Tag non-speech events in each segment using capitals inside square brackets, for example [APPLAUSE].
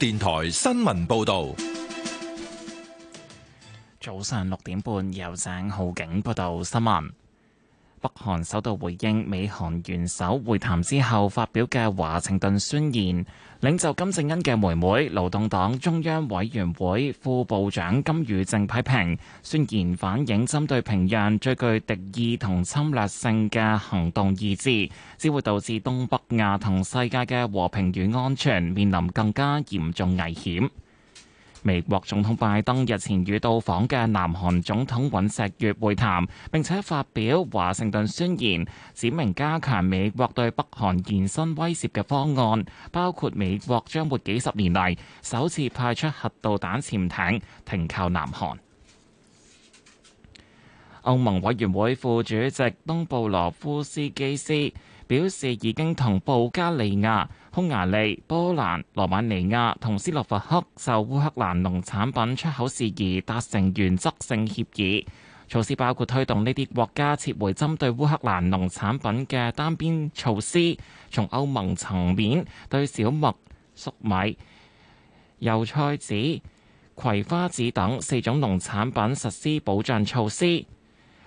電台新聞報道，早上六點半有請浩景報道新聞。北韓首度回應美韓元首會談之後發表嘅華盛頓宣言，領袖金正恩嘅妹妹、勞動黨中央委員會副部長金宇正批評宣言反映針對平壤最具敵意同侵略性嘅行動意志，只會導致東北亞同世界嘅和平與安全面臨更加嚴重危險。美國總統拜登日前與到訪嘅南韓總統尹錫悅會談，並且發表華盛頓宣言，指明加強美國對北韓延伸威懾嘅方案，包括美國將會幾十年嚟首次派出核導彈潛艇停靠南韓。歐盟委員會副主席東布羅夫斯基斯表示，已經同保加利亞、匈牙利、波蘭、羅馬尼亞同斯洛伐克就烏克蘭農產品出口事宜達成原則性協議，措施包括推動呢啲國家撤回針對烏克蘭農產品嘅單邊措施，從歐盟層面對小麥、粟米、油菜籽、葵花籽等四種農產品實施保障措施，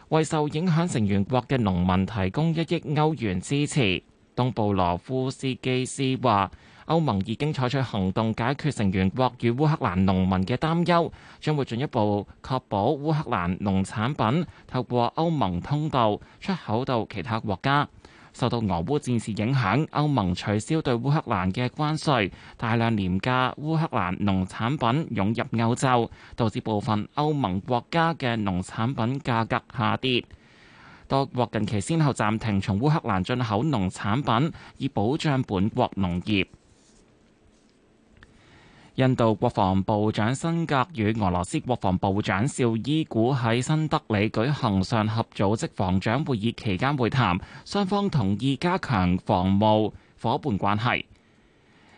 為受影響成員國嘅農民提供一億歐元支持。東布羅夫斯基斯話：歐盟已經採取行動解決成員國與烏克蘭農民嘅擔憂，將會進一步確保烏克蘭農產品透過歐盟通道出口到其他國家。受到俄烏戰事影響，歐盟取消對烏克蘭嘅關稅，大量廉價烏克蘭農產品湧入歐洲，導致部分歐盟國家嘅農產品價格下跌。多國近期先後暫停從烏克蘭進口農產品，以保障本國農業。印度國防部長辛格與俄羅斯國防部長紹伊古喺新德里舉行上合組織防長會議期間會談，雙方同意加強防務伙伴關係。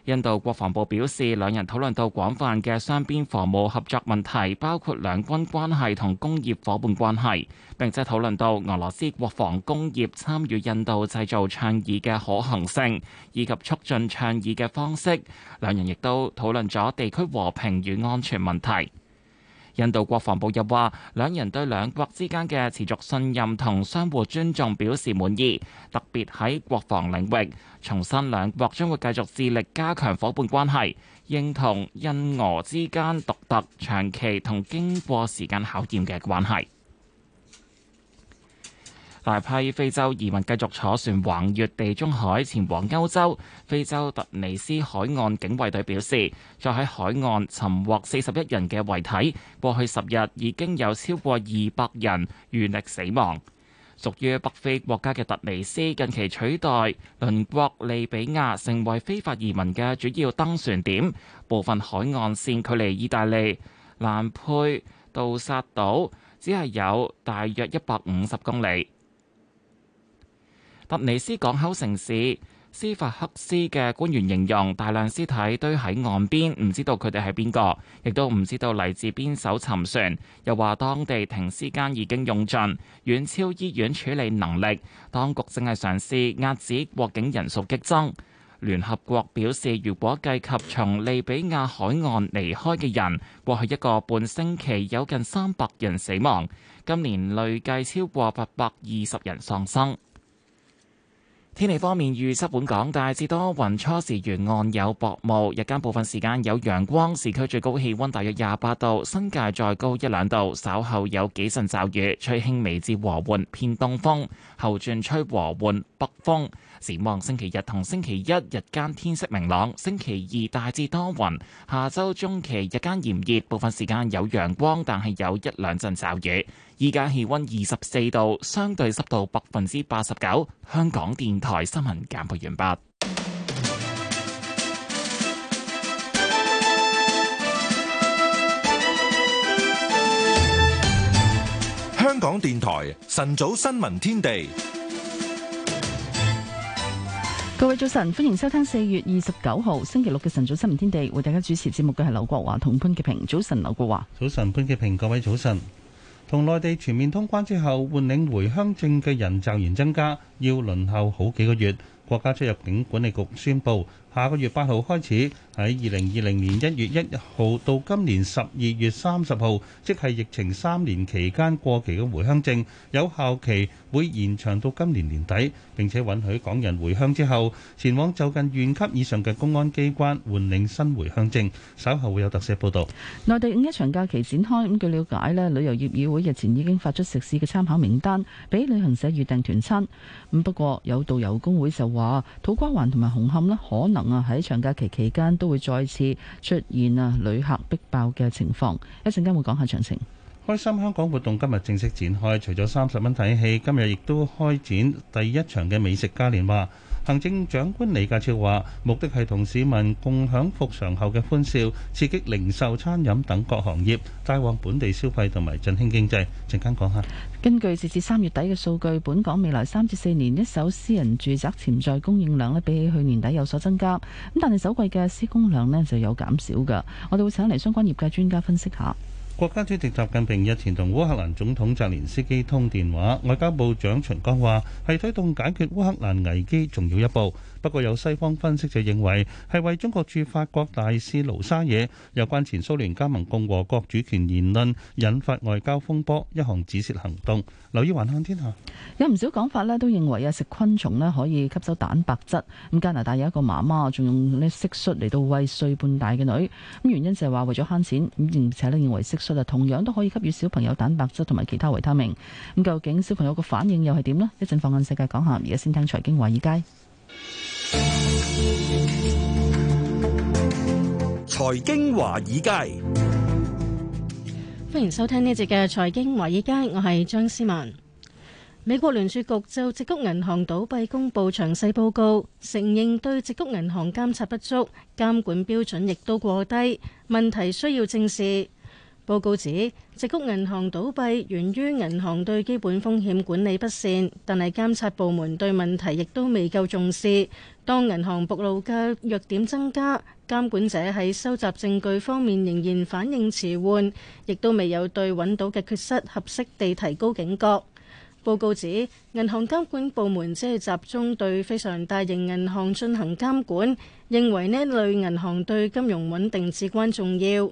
印度國防部表示，兩人討論到廣泛嘅雙邊防務合作問題，包括兩軍關係同工業伙伴關係，並且討論到俄羅斯國防工業參與印度製造倡議嘅可行性，以及促進倡議嘅方式。兩人亦都討論咗地區和平與安全問題。印度國防部又話，兩人對兩國之間嘅持續信任同相互尊重表示滿意，特別喺國防領域，重申兩國將會繼續致力加強伙伴關係，認同印俄之間獨特、長期同經過時間考驗嘅關係。大批非洲移民繼續坐船橫越地中海前往歐洲。非洲突尼斯海岸警衛隊表示，再喺海岸尋獲四十一人嘅遺體。過去十日已經有超過二百人遇溺死亡。屬於北非國家嘅突尼斯近期取代鄰國利比亞成為非法移民嘅主要登船點。部分海岸線距離意大利南佩杜薩島只係有大約一百五十公里。突尼斯港口城市斯法克斯嘅官員形容大量屍體堆喺岸邊，唔知道佢哋係邊個，亦都唔知道嚟自邊艘沉船。又話當地停屍間已經用盡，遠超醫院處理能力。當局正係嘗試遏止越境人數激增。聯合國表示，如果計及從利比亞海岸離開嘅人，過去一個半星期有近三百人死亡，今年累計超過八百二十人喪生。天氣方面，預測本港大致多雲，初時沿岸有薄霧，日間部分時間有陽光。市區最高氣溫大約廿八度，新界再高一兩度。稍後有幾陣驟雨，吹輕微至和緩偏東風，後轉吹和緩北風。展望星期日同星期一日間天色明朗，星期二大致多雲。下周中期日間炎熱，部分時間有陽光，但係有一兩陣驟雨。依家氣溫二十四度，相對濕度百分之八十九。香港電台新聞簡報完畢。香港電台晨早新聞天地。各位早晨，歡迎收聽四月二十九號星期六嘅晨早新聞天地，為大家主持節目嘅係劉國華同潘潔平。早晨，劉國華。早晨，潘潔平。各位早晨。同內地全面通關之後，換領回鄉證嘅人驟然增加，要輪候好幾個月。國家出入境管理局宣布。下個月八號開始，喺二零二零年一月一號到今年十二月三十號，即係疫情三年期間過期嘅回鄉證，有效期會延長到今年年底。並且允許港人回鄉之後前往就近縣級以上嘅公安機關換領新回鄉證。稍後會有特色報道。內地五一長假期展開，咁據了解咧，旅遊業議會日前已經發出食肆嘅參考名單，俾旅行社預訂團餐。咁不過有導遊公會就話，土瓜灣同埋紅磡咧可能。啊！喺長假期期間都會再次出現啊，旅客逼爆嘅情況。一陣間會講下詳情。開心香港活動今日正式展開，除咗三十蚊睇戲，今日亦都開展第一場嘅美食嘉年華。行政長官李家超話：目的係同市民共享復常後嘅歡笑，刺激零售、餐飲等各行業，帶旺本地消費同埋振興經濟。陣間講下。根據截至三月底嘅數據，本港未來三至四年一手私人住宅潛在供應量咧，比起去年底有所增加。咁但係首季嘅施工量咧就有減少嘅。我哋會請嚟相關業界專家分析下。國家主席習近平日前同烏克蘭總統澤連斯基通電話，外交部長秦剛話，係推動解決烏克蘭危機重要一步。不過，有西方分析就認為係為中國駐法國大使盧沙野，有關前蘇聯加盟共和國主權言論引發外交風波一項指示行動。留意《環球天下》，有唔少講法呢，都認為啊，食昆蟲咧可以吸收蛋白質。咁加拿大有一個媽媽仲用呢蟋蟀嚟到餵歲半大嘅女，咁原因就係話為咗慳錢，咁而且咧認為蟋蟀啊同樣都可以給予小朋友蛋白質同埋其他維他命。咁究竟小朋友個反應又係點呢？一陣放眼世界講下，而家先聽財經華爾街。財經華爾街，歡迎收聽呢節嘅財經華爾街，我係張思文。美國聯儲局就直谷銀行倒閉公布詳細報告，承認對直谷銀行監察不足，監管標準亦都過低，問題需要正視。報告指，矽谷銀行倒閉源於銀行對基本風險管理不善，但係監察部門對問題亦都未夠重視。當銀行暴露嘅弱點增加，監管者喺收集證據方面仍然反應遲緩，亦都未有對揾到嘅缺失合適地提高警覺。報告指，銀行監管部門只係集中對非常大型銀行進行監管，認為呢類銀行對金融穩定至關重要。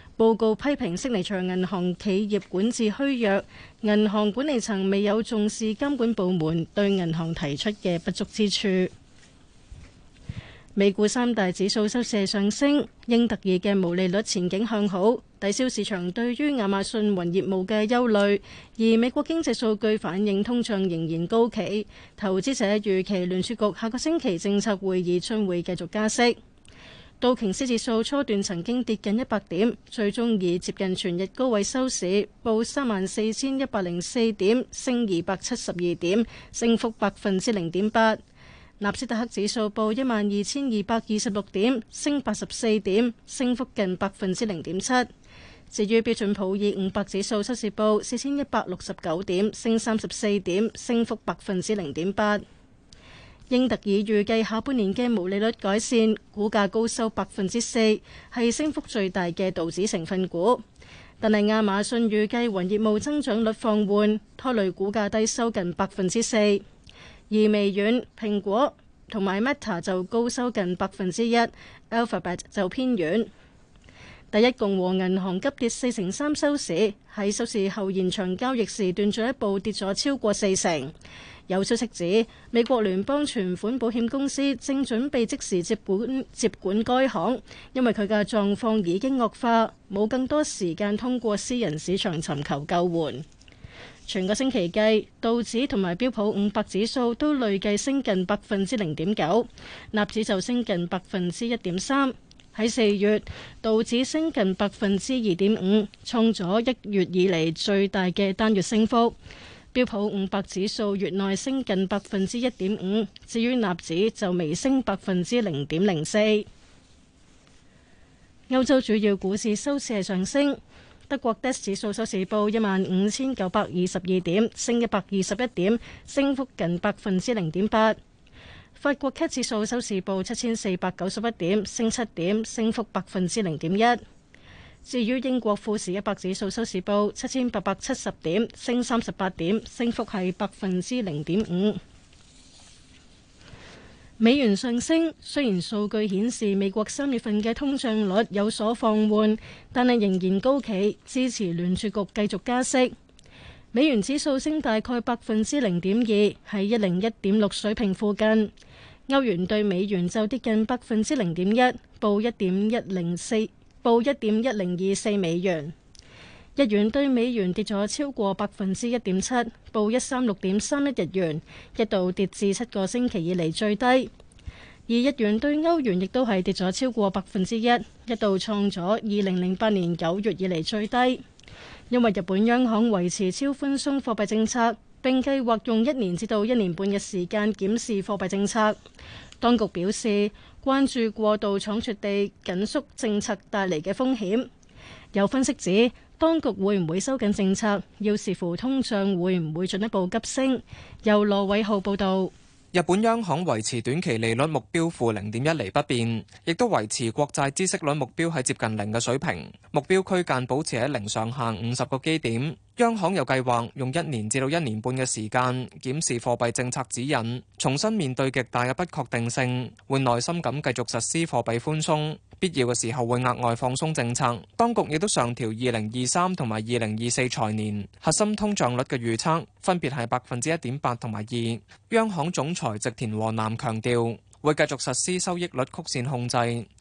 報告批評悉尼場銀行企業管治虛弱，銀行管理層未有重視監管部門對銀行提出嘅不足之處。美股三大指數收市上升，英特爾嘅毛利率前景向好，抵消市場對於亞馬遜雲業務嘅憂慮。而美國經濟數據反映通脹仍然高企，投資者預期聯儲局下個星期政策會議將會繼續加息。道瓊斯指數初段曾經跌近一百點，最終以接近全日高位收市，報三萬四千一百零四點，升二百七十二點，升幅百分之零點八。納斯達克指數報一萬二千二百二十六點，升八十四點，升幅近百分之零點七。至於標準普爾五百指數收市報四千一百六十九點，升三十四點，升幅百分之零點八。英特爾預計下半年嘅毛利率改善，股價高收百分之四，係升幅最大嘅道指成分股。但係亞馬遜預計雲業務增長率放緩，拖累股價低收近百分之四。而微軟、蘋果同埋 Meta 就高收近百分之一，Alphabet 就偏軟。第一共和銀行急跌四成三收市，喺收市後延長交易時段，進一步跌咗超過四成。有消息指，美國聯邦存款保險公司正準備即時接管接管該行，因為佢嘅狀況已經惡化，冇更多時間通過私人市場尋求救援。全個星期計，道指同埋標普五百指數都累計升近百分之零點九，納指就升近百分之一點三。喺四月，道指升近百分之二點五，創咗一月以嚟最大嘅單月升幅。標普五百指數月內升近百分之一點五，至於納指就微升百分之零點零四。歐洲主要股市收市係上升，德國 DAX 指數收市報一萬五千九百二十二點，升一百二十一點，升幅近百分之零點八。法國 CAC 指數收市報七千四百九十一點，升七點，升幅百分之零點一。至於英國富時一百指數收市報七千八百七十點，升三十八點，升幅係百分之零點五。美元上升，雖然數據顯示美國三月份嘅通脹率有所放緩，但係仍然高企，支持聯儲局繼續加息。美元指數升大概百分之零點二，喺一零一點六水平附近。歐元對美元就跌近百分之零點一，報一點一零四。1 報一點一零二四美元，日元對美元跌咗超過百分之一點七，報一三六點三一日元，一度跌至七個星期以嚟最低。而日元對歐元亦都係跌咗超過百分之一，一度創咗二零零八年九月以嚟最低。因為日本央行維持超寬鬆貨幣政策，並計劃用一年至到一年半嘅時間檢視貨幣政策。當局表示關注過度倉卒地緊縮政策帶嚟嘅風險。有分析指，當局會唔會收緊政策，要視乎通脹會唔會進一步急升。由羅偉浩報導。日本央行維持短期利率目標負零點一厘不變，亦都維持國債孳息率目標係接近零嘅水平，目標區間保持喺零上下五十個基點。央行又計劃用一年至到一年半嘅時間檢視貨幣政策指引，重新面對極大嘅不確定性，會耐心咁繼續實施貨幣寬鬆，必要嘅時候會額外放鬆政策。當局亦都上調二零二三同埋二零二四財年核心通脹率嘅預測，分別係百分之一點八同埋二。央行總裁植田和男強調，會繼續實施收益率曲線控制，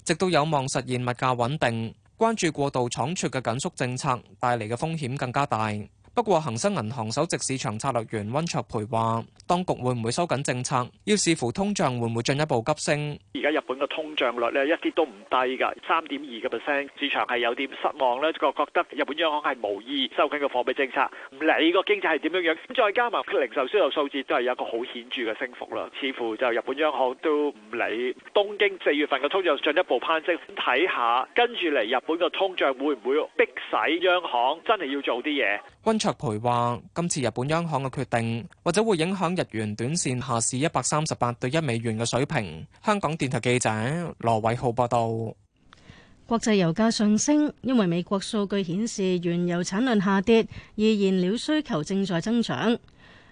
直到有望實現物價穩定。關注過度倉促嘅緊縮政策帶嚟嘅風險更加大。不過恒生銀行首席市場策略員温卓培話，當局會唔會收緊政策，要視乎通脹會唔會進一步急升。而家日本嘅通脹率呢，一啲都唔低噶，三點二個 percent，市場係有啲失望呢。覺覺得日本央行係無意收緊個貨幣政策，唔理個經濟係點樣樣。再加埋佢零售銷售數字都係有一個好顯著嘅升幅啦，似乎就日本央行都唔理東京四月份嘅通脹進一步攀升，咁睇下跟住嚟日本嘅通脹會唔會逼使央行真係要做啲嘢。溫卓培話：今次日本央行嘅決定，或者會影響日元短線下市一百三十八對一美元嘅水平。香港電台記者羅偉浩報道。國際油價上升，因為美國數據顯示原油產量下跌，而燃料需求正在增長。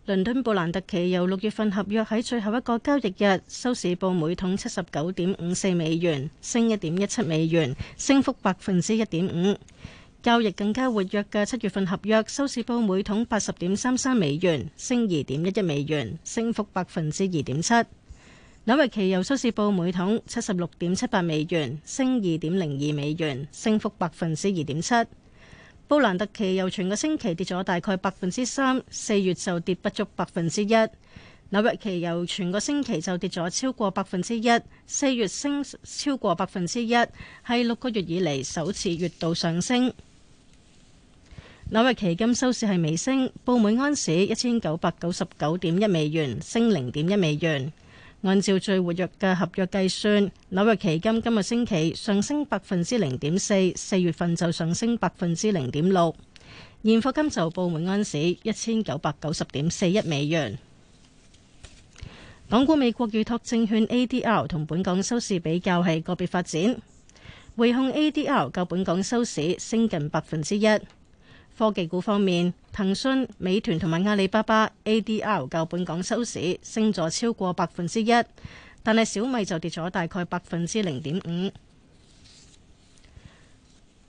倫敦布蘭特期油六月份合約喺最後一個交易日收市報每桶七十九點五四美元，升一點一七美元，升幅百分之一點五。交易更加活躍嘅七月份合約收市報每桶八十點三三美元，升二點一一美元，升幅百分之二點七。紐約期油收市報每桶七十六點七八美元，升二點零二美元，升幅百分之二點七。布蘭特期油全個星期跌咗大概百分之三，四月就跌不足百分之一。紐約期油全個星期就跌咗超過百分之一，四月升超過百分之一，係六個月以嚟首次月度上升。紐約期金收市係微升，報每安士一千九百九十九點一美元，升零點一美元。按照最活躍嘅合約計算，紐約期金今，今個星期上升百分之零點四，四月份就上升百分之零點六。現貨金就報每安士一千九百九十點四一美元。港股美國預託證券 ADR 同本港收市比較係個別發展，匯控 ADR 較本港收市升近百分之一。科技股方面，騰訊、美團同埋阿里巴巴 ADR 較本港收市升咗超過百分之一，但係小米就跌咗大概百分之零點五。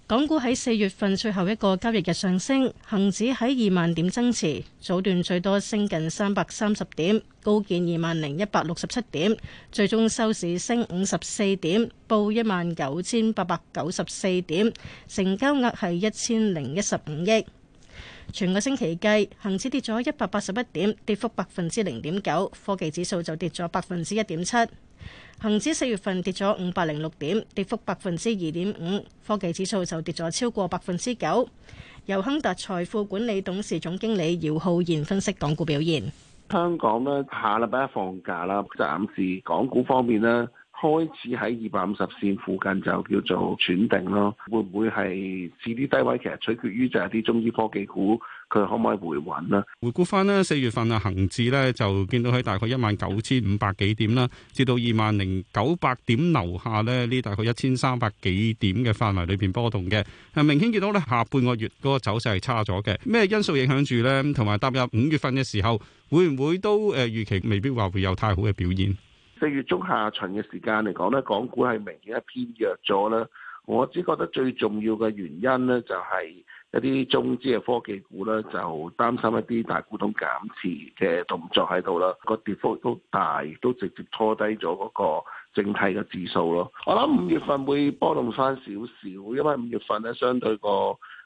港股喺四月份最後一個交易日上升，恒指喺二萬點增持，早段最多升近三百三十點，高見二萬零一百六十七點，最終收市升五十四點，報一萬九千八百九十四點，成交額係一千零一十五億。全個星期計，恒指跌咗一百八十一點，跌幅百分之零點九，科技指數就跌咗百分之一點七。恒指四月份跌咗五百零六點，跌幅百分之二點五。科技指數就跌咗超過百分之九。由亨達財富管理董事總經理姚浩然分析港股表現。香港呢，下禮拜放假啦，暫時港股方面呢，開始喺二百五十線附近就叫做喘定咯。會唔會係試啲低位？其實取決於就係啲中醫科技股。佢可唔可以回穩呢？回顧翻呢四月份啊，恒指呢，就見到喺大概一萬九千五百幾點啦，至到二萬零九百點樓下呢，呢大概一千三百幾點嘅範圍裏邊波動嘅。係明顯見到呢下半個月嗰個走勢係差咗嘅。咩因素影響住呢？同埋踏入五月份嘅時候，會唔會都誒、呃、預期未必話會有太好嘅表現？四月中下旬嘅時間嚟講呢，港股係明顯一偏弱咗啦。我只覺得最重要嘅原因呢，就係、是。一啲中資嘅科技股咧，就擔心一啲大股東減持嘅動作喺度啦，個跌幅都大，都直接拖低咗嗰個整體嘅指數咯。我諗五月份會波動翻少少，因為五月份咧相對個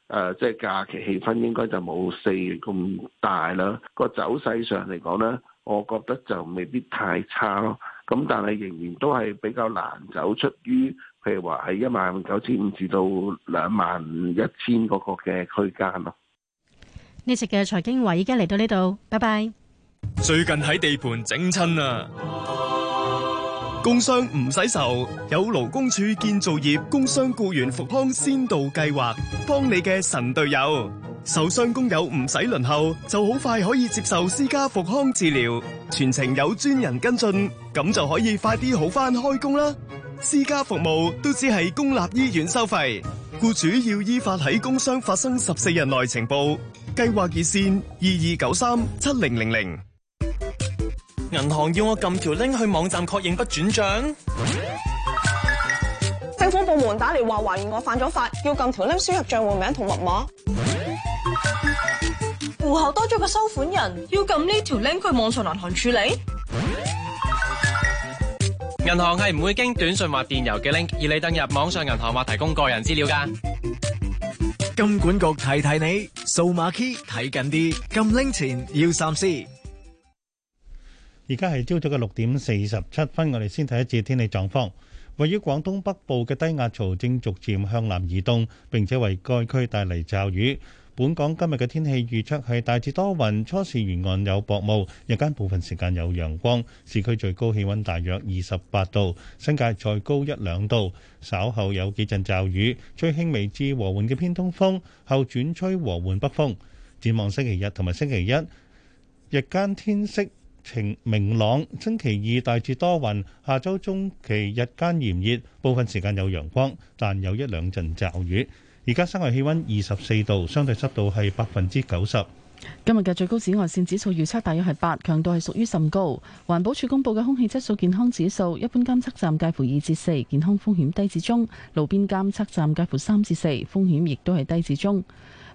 誒即係假期氣氛應該就冇四月咁大啦。個走勢上嚟講咧，我覺得就未必太差咯。咁但係仍然都係比較難走出於。譬如話喺一萬九千五至到兩萬一千嗰個嘅區間咯。呢節嘅財經話已經嚟到呢度，拜拜。最近喺地盤整親啊，工傷唔使愁，有勞工處建造業工傷僱員復康先導計劃，幫你嘅神隊友，受傷工友唔使輪候，就好快可以接受私家復康治療，全程有專人跟進，咁就可以快啲好返開工啦。私家服務都只係公立醫院收費，僱主要依法喺工傷發生十四日內呈報。計劃熱線二二九三七零零零。銀行要我撳條 link 去網站確認不轉帳。政府部門打嚟話懷疑我犯咗法，要撳條 link 輸入賬戶名同密碼。戶口多咗個收款人，要撳呢條 link 去網上銀行處理。銀行係唔會經短信或電郵嘅 link 而你登入網上銀行或提供個人資料噶。金管局提提你，數碼 key 睇緊啲，撳 link 前要三思。而家係朝早嘅六點四十七分，我哋先睇一節天氣狀況。位於廣東北部嘅低壓槽正逐漸向南移動，並且為該區帶嚟驟雨。本港今日嘅天氣預測係大致多雲，初時沿岸有薄霧，日間部分時間有陽光，市區最高氣温大約二十八度，新界再高一兩度，稍後有幾陣驟雨，吹輕微至和緩嘅偏東風，後轉吹和緩北風。展望星期日同埋星期一，日間天色晴明朗，星期二大致多雲，下周中期日間炎熱，部分時間有陽光，但有一兩陣驟雨。而家室外氣溫二十四度，相對濕度係百分之九十。今日嘅最高紫外線指數預測大約係八，強度係屬於甚高。環保署公布嘅空氣質素健康指數一般監測站介乎二至四，健康風險低至中；路邊監測站介乎三至四，風險亦都係低至中。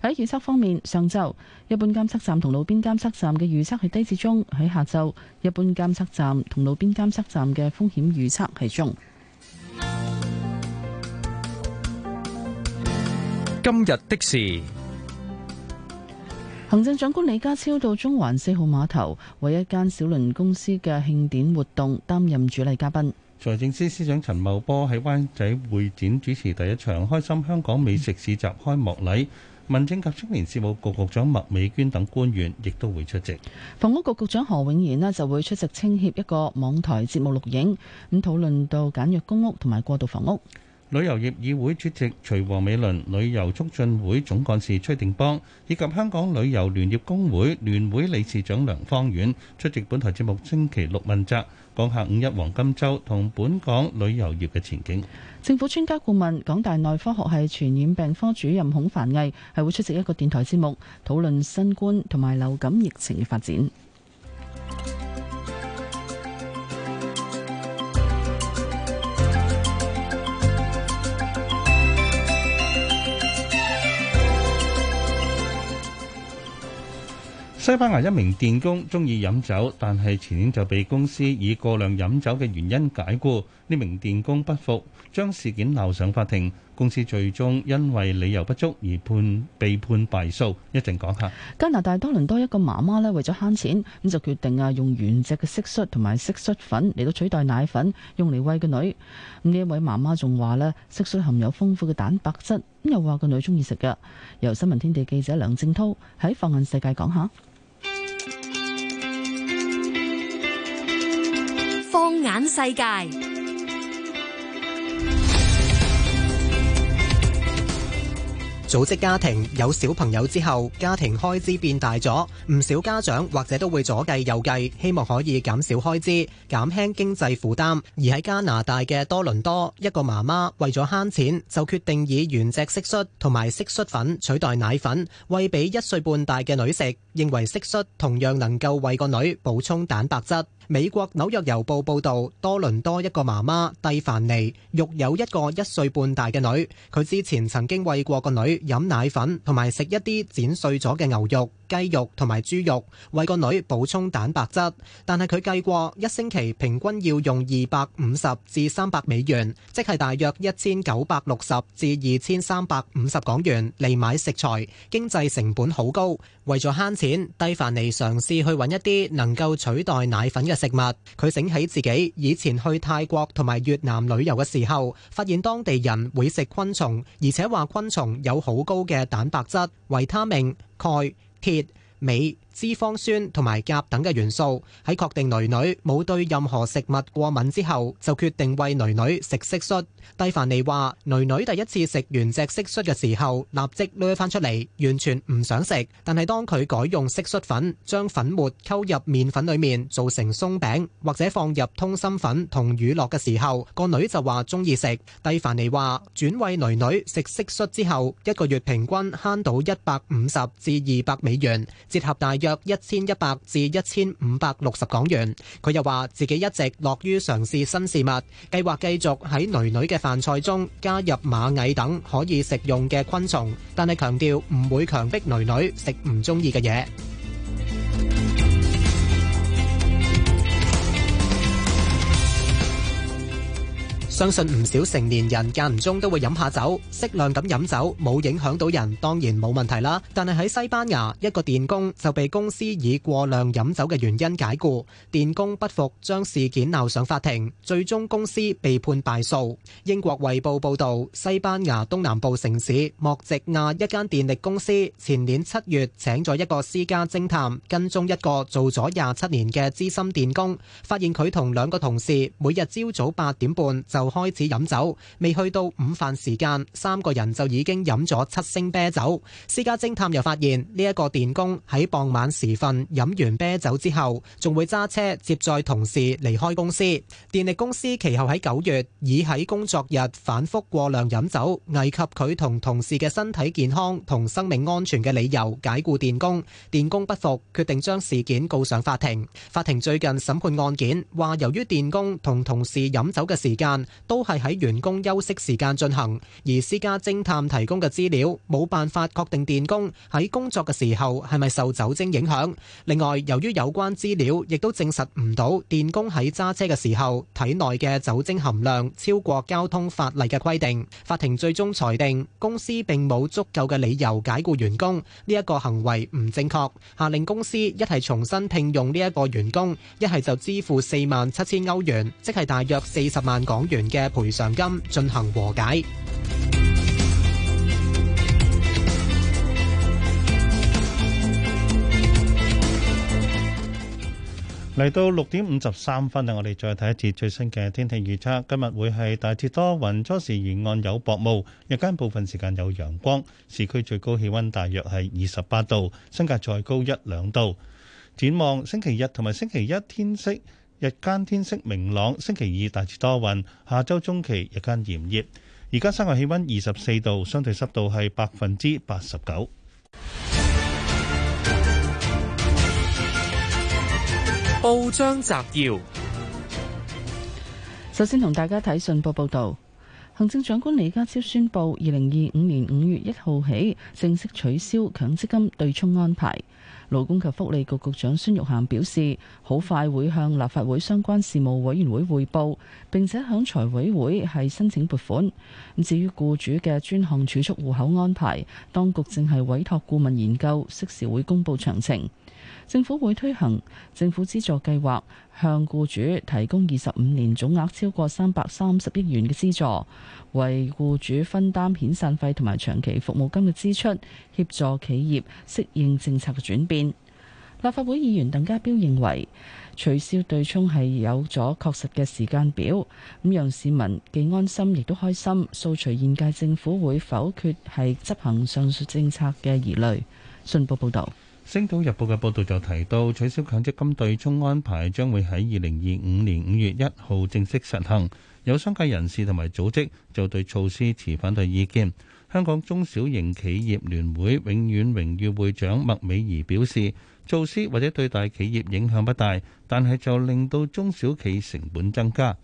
喺預測方面，上晝一般監測站同路邊監測站嘅預測係低至中；喺下晝一般監測站同路邊監測站嘅風險預測係中。 [MUSIC] 今日的事，行政長官李家超到中環四號碼頭為一間小輪公司嘅慶典活動擔任主禮嘉賓。財政司司長陳茂波喺灣仔會展主持第一場開心香港美食市集開幕禮，民政及青年事務局局長麥美娟等官員亦都會出席。房屋局局長何永賢呢就會出席青協一個網台節目錄影，咁討論到簡約公屋同埋過渡房屋。旅遊業議會主席徐王美倫、旅遊促進會總幹事崔定邦，以及香港旅遊聯業工會聯會理事長梁芳遠出席本台節目星期六問責，講下五一黃金周同本港旅遊業嘅前景。政府專家顧問、港大內科學系傳染病科主任孔繁毅係會出席一個電台節目，討論新冠同埋流感疫情嘅發展。西班牙一名電工中意飲酒，但係前年就被公司以過量飲酒嘅原因解僱。呢名電工不服，將事件鬧上法庭。公司最終因為理由不足而判被判敗訴。一陣講下加拿大多倫多一個媽媽咧，為咗慳錢咁就決定啊，用原隻嘅蟋蟀同埋蟋蟀粉嚟到取代奶粉用嚟餵個女。咁呢一位媽媽仲話咧，蟋蟀含有豐富嘅蛋白質，咁又話個女中意食㗎。由新聞天地記者梁正滔喺放眼世界講下。世界組織家庭有小朋友之後，家庭開支變大咗，唔少家長或者都會左計右計，希望可以減少開支，減輕經濟負擔。而喺加拿大嘅多倫多，一個媽媽為咗慳錢，就決定以原隻蟋蟀同埋蟋蟀粉取代奶粉，餵俾一歲半大嘅女食，認為蟋蟀同樣能夠為個女補充蛋白質。美國紐約郵報報導，多倫多一個媽媽蒂凡尼，育有一個一歲半大嘅女，佢之前曾經餵過個女飲奶粉同埋食一啲剪碎咗嘅牛肉。雞肉同埋豬肉，為個女補充蛋白質。但係佢計過一星期平均要用二百五十至三百美元，即係大約一千九百六十至二千三百五十港元嚟買食材，經濟成本好高。為咗慳錢，蒂凡尼嘗試去揾一啲能夠取代奶粉嘅食物。佢醒起自己以前去泰國同埋越南旅遊嘅時候，發現當地人會食昆蟲，而且話昆蟲有好高嘅蛋白質、維他命、鈣。鐵、鎂、脂肪酸同埋鉀等嘅元素，喺確定囡女冇對任何食物過敏之後，就決定餵囡女，女食蟋蟀。蒂凡尼話：女女第一次食原隻蟋蟀嘅時候，立即掠翻出嚟，完全唔想食。但係當佢改用蟋蟀粉，將粉末溝入麵粉裡面做成鬆餅，或者放入通心粉同乳酪嘅時候，個女就話中意食。蒂凡尼話：轉為女女食蟋蟀之後，一個月平均慳到一百五十至二百美元，折合大約一千一百至一千五百六十港元。佢又話自己一直樂於嘗試新事物，計劃繼續喺女女嘅飯菜中加入螞蟻等可以食用嘅昆蟲，但係強調唔會強迫女女食唔中意嘅嘢。相信唔少成年人間唔中都會飲下酒，適量咁飲酒冇影響到人，當然冇問題啦。但係喺西班牙，一個電工就被公司以過量飲酒嘅原因解雇，電工不服將事件鬧上法庭，最終公司被判敗訴。英國《衛報》報導，西班牙東南部城市莫迪亞一間電力公司前年七月請咗一個私家偵探，跟蹤一個做咗廿七年嘅資深電工，發現佢同兩個同事每日朝早八點半就開始飲酒，未去到午飯時間，三個人就已經飲咗七升啤酒。私家偵探又發現呢一個電工喺傍晚時分飲完啤酒之後，仲會揸車接載同事離開公司。電力公司其後喺九月已喺工作日反複過量飲酒危及佢同同事嘅身體健康同生命安全嘅理由解雇電工。電工不服，決定將事件告上法庭。法庭最近審判案件，話由於電工同同事飲酒嘅時間，都係喺員工休息時間進行，而私家偵探提供嘅資料冇辦法確定電工喺工作嘅時候係咪受酒精影響。另外，由於有關資料亦都證實唔到電工喺揸車嘅時候體內嘅酒精含量超過交通法例嘅規定。法庭最終裁定公司並冇足夠嘅理由解雇員工，呢一個行為唔正確，下令公司一係重新聘用呢一個員工，一係就支付四萬七千歐元，即係大約四十萬港元。嘅賠償金進行和解。嚟到六點五十三分啊。我哋再睇一次最新嘅天氣預測。今日會係大致多雲，初時沿岸有薄霧，日間部分時間有陽光。市區最高氣溫大約係二十八度，新界再高一兩度。展望星期日同埋星期一天色。日間天色明朗，星期二大致多雲，下周中期日間炎熱。而家室外氣溫二十四度，相對濕度係百分之八十九。報章摘要，首先同大家睇信報報道，行政長官李家超宣布，二零二五年五月一號起正式取消強積金對沖安排。勞工及福利局局長孫玉菡表示，好快會向立法會相關事務委員會匯報，並且向財委會係申請撥款。至於僱主嘅專項儲蓄戶口安排，當局正係委託顧問研究，適時會公布詳情。政府會推行政府資助計劃，向僱主提供二十五年總額超過三百三十億元嘅資助，為僱主分擔遣散費同埋長期服務金嘅支出，協助企業適應政策嘅轉變。立法會議員鄧家彪認為，取消對沖係有咗確實嘅時間表，咁讓市民既安心亦都開心，掃除現屆政府會否決係執行上述政策嘅疑慮。信報報導。《星島日報》嘅報道就提到，取消強積金對沖安排將會喺二零二五年五月一號正式實行。有商界人士同埋組織就對措施持反對意見。香港中小型企業聯會永遠榮譽會長麥美儀表示，措施或者對大企業影響不大，但係就令到中小企成本增加。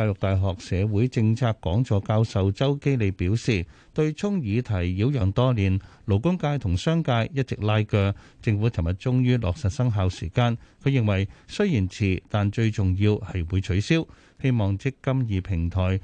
教育大學社會政策講座教授周基利表示，對沖議題擾攘多年，勞工界同商界一直拉鋸，政府尋日終於落實生效時間。佢認為雖然遲，但最重要係會取消，希望積金易平台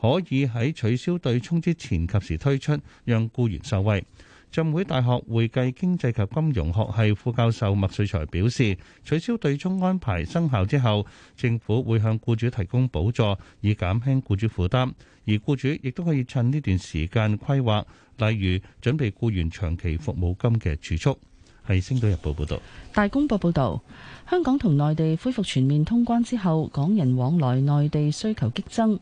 可以喺取消對沖之前及時推出，讓僱員受惠。浸會大學會計經濟及金融學系副教授麥瑞才表示，取消對沖安排生效之後，政府會向雇主提供補助，以減輕雇主負擔，而雇主亦都可以趁呢段時間規劃，例如準備雇員長期服務金嘅儲蓄。係《星島日報》報道，大公報報道，香港同內地恢復全面通關之後，港人往來內地需求激增。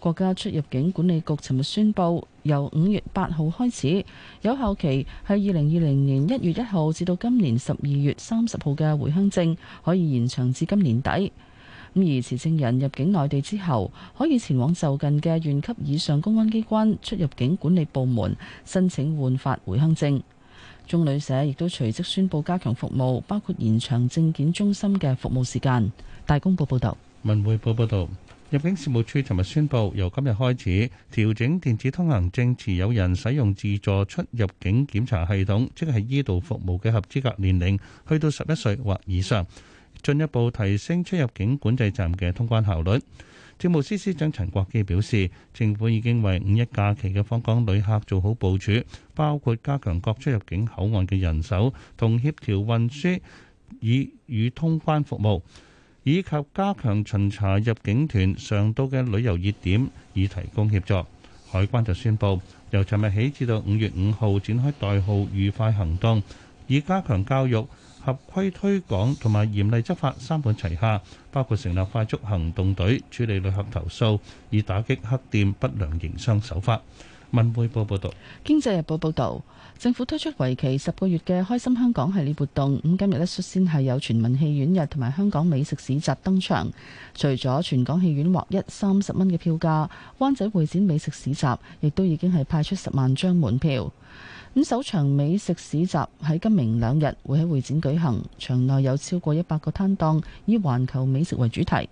國家出入境管理局尋日宣布，由五月八號開始，有效期係二零二零年一月一號至到今年十二月三十號嘅回鄉證可以延長至今年底。咁而持證人入境內地之後，可以前往就近嘅縣級以上公安機關出入境管理部門申請換發回鄉證。中旅社亦都隨即宣布加強服務，包括延長證件中心嘅服務時間。大公報報道，文匯報報道，入境事務處尋日宣布，由今日開始調整電子通行證持有人使用自助出入境檢查系統，即係 e- 道服務嘅合資格年齡去到十一歲或以上，進一步提升出入境管制站嘅通關效率。政務司司長陳國基表示，政府已經為五一假期嘅訪港旅客做好部署，包括加強各出入境口岸嘅人手，同協調運輸以與通關服務，以及加強巡查入境團上到嘅旅遊熱點，以提供協助。海關就宣布，由尋日起至到五月五號展開代號“愉快行動”，以加強教育。合規推廣同埋嚴厲執法三管齊下，包括成立快速行動隊處理旅客投訴，以打擊黑店不良營商手法。文匯報報導，《經濟日報》報道：政府推出為期十個月嘅《開心香港》系列活動。咁今日呢，率先係有全民戲院日同埋香港美食市集登場。除咗全港戲院劃一三十蚊嘅票價，灣仔會展美食市集亦都已經係派出十萬張門票。咁首場美食市集喺今明兩日會喺會展舉行，場內有超過一百個攤檔，以環球美食為主題。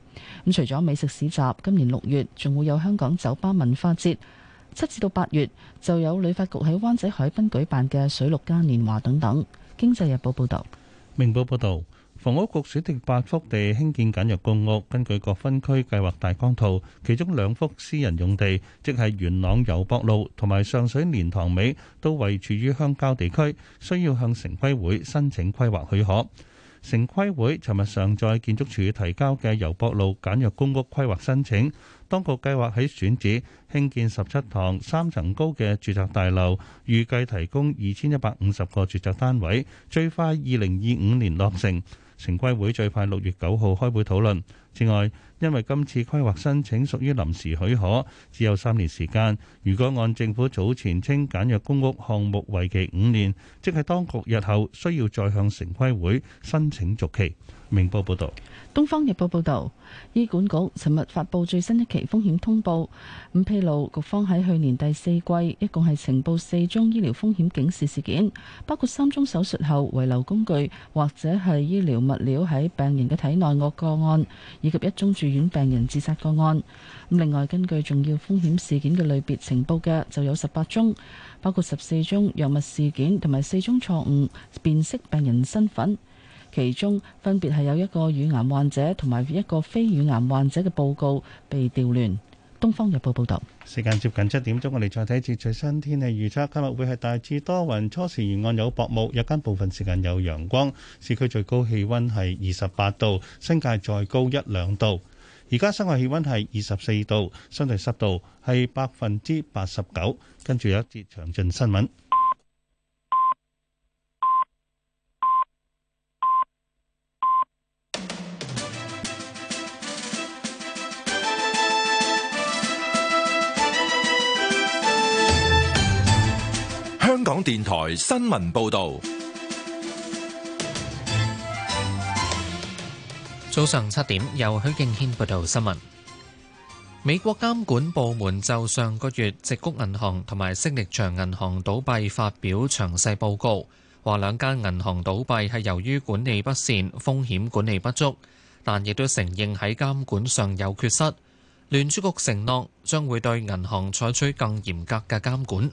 咁除咗美食市集，今年六月仲會有香港酒吧文化節，七至到八月就有旅發局喺灣仔海濱舉辦嘅水陸嘉年華等等。經濟日報報道，明報報道。房屋局選定八幅地興建簡約公屋，根據各分區計劃大綱圖，其中兩幅私人用地，即係元朗油博路同埋上水蓮塘尾，都位處於鄉郊地區，需要向城規會申請規劃許可。城規會尋日上載建築署提交嘅油博路簡約公屋規劃申請，當局計劃喺選址興建十七幢三層高嘅住宅大樓，預計提供二千一百五十個住宅單位，最快二零二五年落成。城規會最快六月九號開會討論。此外，因為今次規劃申請屬於臨時許可，只有三年時間。如果按政府早前稱簡約公屋項目為期五年，即係當局日後需要再向城規會申請續期。明報報道，東方日報報道，醫管局尋日發布最新一期風險通報，咁披露局方喺去年第四季一共係呈報四宗醫療風險警示事件，包括三宗手術後遺留工具或者係醫療物料喺病人嘅體內嘅個案，以及一宗住院病人自殺個案。咁另外，根據重要風險事件嘅類別呈報嘅就有十八宗，包括十四宗藥物事件同埋四宗錯誤辨識病人身份。其中分別係有一個乳癌患者同埋一個非乳癌患者嘅報告被調亂。《東方日報》報道。時間接近七點鐘，我哋再睇一節最新天氣預測。今日會係大致多雲，初時沿岸有薄霧，日間部分時間有陽光。市區最高氣温係二十八度，新界再高一兩度。而家室外氣温係二十四度，相對濕度係百分之八十九。跟住有一節詳盡新聞。香港電台新聞報道，早上七點由許敬軒報道新聞。美國監管部門就上個月直谷銀行同埋息力場銀行倒閉發表詳細報告，話兩間銀行倒閉係由於管理不善，風險管理不足，但亦都承認喺監管上有缺失。聯儲局承諾將會對銀行採取更嚴格嘅監管。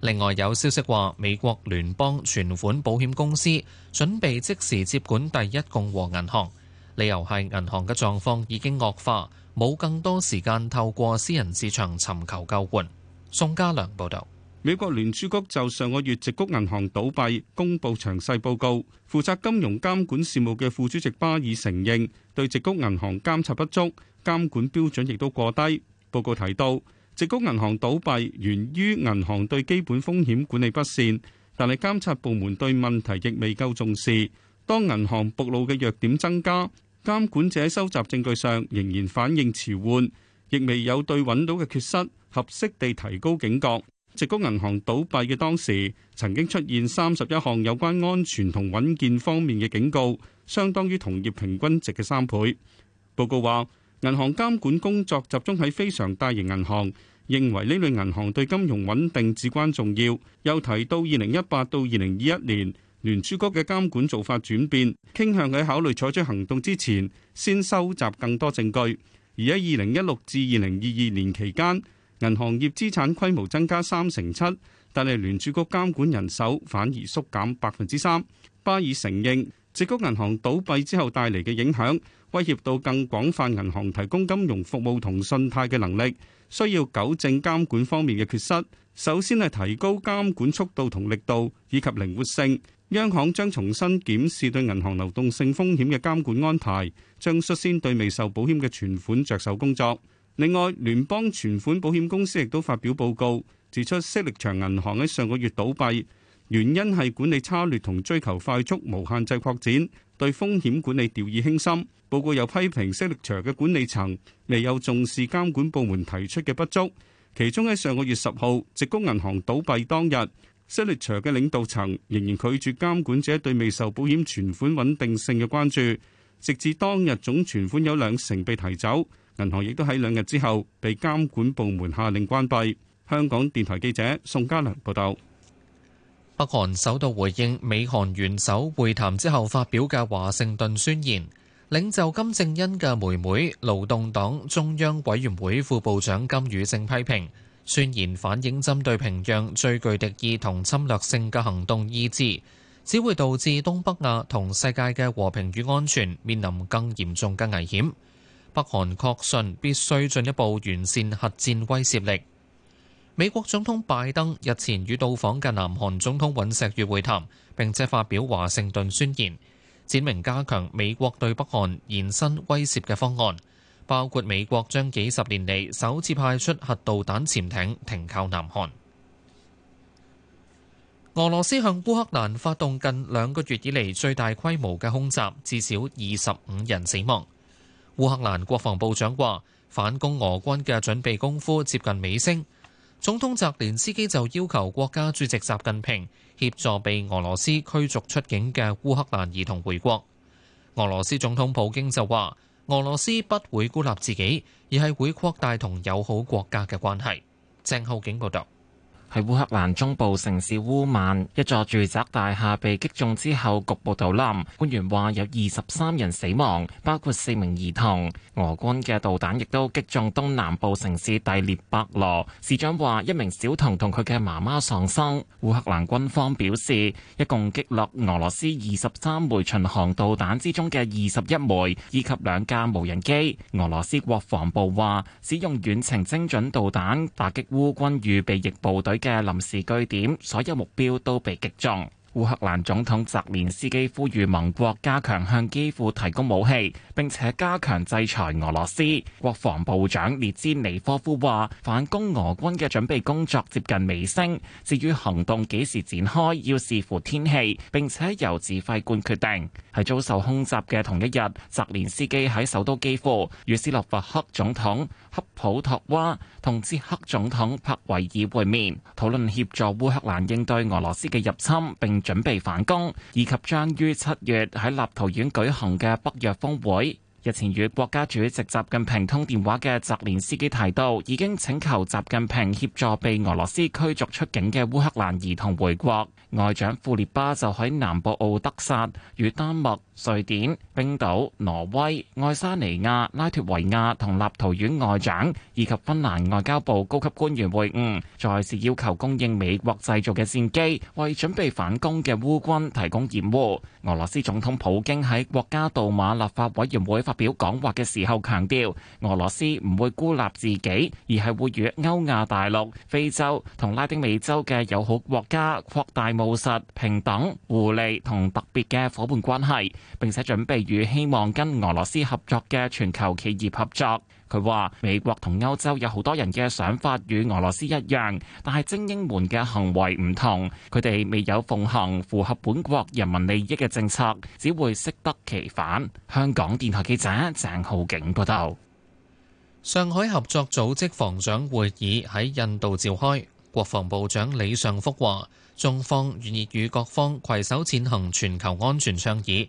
另外有消息話，美國聯邦存款保險公司準備即時接管第一共和銀行，理由係銀行嘅狀況已經惡化，冇更多時間透過私人市場尋求救援。宋家良報導。美國聯儲局就上個月矽谷銀行倒閉，公布詳細報告。負責金融監管事務嘅副主席巴爾承認對矽谷銀行監察不足，監管標準亦都過低。報告提到。直沽銀行倒閉，源於銀行對基本風險管理不善，但係監察部門對問題亦未夠重視。當銀行暴露嘅弱點增加，監管者喺收集證據上仍然反應遲緩，亦未有對揾到嘅缺失合適地提高警覺。直沽銀行倒閉嘅當時，曾經出現三十一項有關安全同穩健方面嘅警告，相當於同業平均值嘅三倍。報告話。銀行監管工作集中喺非常大型銀行，認為呢類銀行對金融穩定至關重要。又提到二零一八到二零二一年，聯儲局嘅監管做法轉變，傾向喺考慮採取行動之前，先收集更多證據。而喺二零一六至二零二二年期間，銀行業資產規模增加三成七，但係聯儲局監管人手反而縮減百分之三。巴爾承認。矽谷銀行倒閉之後帶嚟嘅影響，威脅到更廣泛銀行提供金融服務同信貸嘅能力，需要糾正監管方面嘅缺失。首先係提高監管速度同力度以及靈活性。央行將重新檢視對銀行流動性風險嘅監管安排，將率先對未受保險嘅存款着手工作。另外，聯邦存款保險公司亦都發表報告，指出息力翔銀行喺上個月倒閉。原因係管理差劣同追求快速無限制擴展，對風險管理掉以輕心。報告又批評 Signature 嘅管理層未有重視監管部門提出嘅不足。其中喺上個月十號，矽谷銀行倒閉當日，Signature 嘅領導層仍然拒絕監管者對未受保險存款穩定性嘅關注，直至當日總存款有兩成被提走，銀行亦都喺兩日之後被監管部門下令關閉。香港電台記者宋家良報道。北韓首度回應美韓元首會談之後發表嘅華盛頓宣言，領袖金正恩嘅妹妹、勞動黨中央委員會副部長金與正批評，宣言反映針對平壤最具敵意同侵略性嘅行動意志，只會導致東北亞同世界嘅和平與安全面臨更嚴重嘅危險。北韓確信必須進一步完善核戰威懾力。美國總統拜登日前與到訪嘅南韓總統尹錫悅會談，並且發表華盛頓宣言，闡明加強美國對北韓延伸威懾嘅方案，包括美國將幾十年嚟首次派出核導彈潛艇停靠南韓。俄羅斯向烏克蘭發動近兩個月以嚟最大規模嘅空襲，至少二十五人死亡。烏克蘭國防部長話，反攻俄軍嘅準備功夫接近尾聲。總統澤連斯基就要求國家主席習近平協助被俄羅斯驅逐出境嘅烏克蘭兒童回國。俄羅斯總統普京就話：俄羅斯不會孤立自己，而係會擴大同友好國家嘅關係。鄭浩景報道。喺烏克蘭中部城市烏曼，一座住宅大廈被擊中之後局部倒冧。官員話有二十三人死亡，包括四名兒童。俄軍嘅導彈亦都擊中東南部城市第聶伯羅。市長話一名小童同佢嘅媽媽喪生。烏克蘭軍方表示，一共擊落俄羅斯二十三枚巡航導彈之中嘅二十一枚，以及兩架無人機。俄羅斯國防部話使用遠程精準導彈打擊烏軍預備役部隊嘅臨時據點，所有目標都被擊中。烏克蘭總統澤連斯基呼籲盟國加強向基輔提供武器，並且加強制裁俄羅斯。國防部長列茲尼科夫話：反攻俄軍嘅準備工作接近尾聲，至於行動幾時展開，要視乎天氣，並且由指揮官決定。喺遭受空襲嘅同一日，澤連斯基喺首都基輔與斯洛伐克總統恰普托娃同捷克總統帕維爾會面，討論協助烏克蘭應對俄羅斯嘅入侵，並。準備反攻，以及將於七月喺立陶宛舉行嘅北約峰會。日前與國家主席習近平通電話嘅澤連斯基提到，已經請求習近平協助被俄羅斯驅逐出境嘅烏克蘭兒童回國。外長庫列巴就喺南部奧德薩與丹麥、瑞典、冰島、挪威、愛沙尼亞、拉脱維亞同立陶宛外長以及芬蘭外交部高級官員會晤，再次要求供應美國製造嘅戰機，為準備反攻嘅烏軍提供掩護。俄羅斯總統普京喺國家杜馬立法委員會發表講話嘅時候強調，俄羅斯唔會孤立自己，而係會與歐亞大陸、非洲同拉丁美洲嘅友好國家擴大務實、平等、互利同特別嘅伙伴關係，並且準備與希望跟俄羅斯合作嘅全球企業合作。佢話美國同歐洲有好多人嘅想法與俄羅斯一樣，但係精英們嘅行為唔同，佢哋未有奉行符合本國人民利益嘅政策，只會適得其反。香港電台記者鄭浩景報道。上海合作組織防長會議喺印度召開，國防部長李尚福話。中方願意與各方攜手踐行全球安全倡議。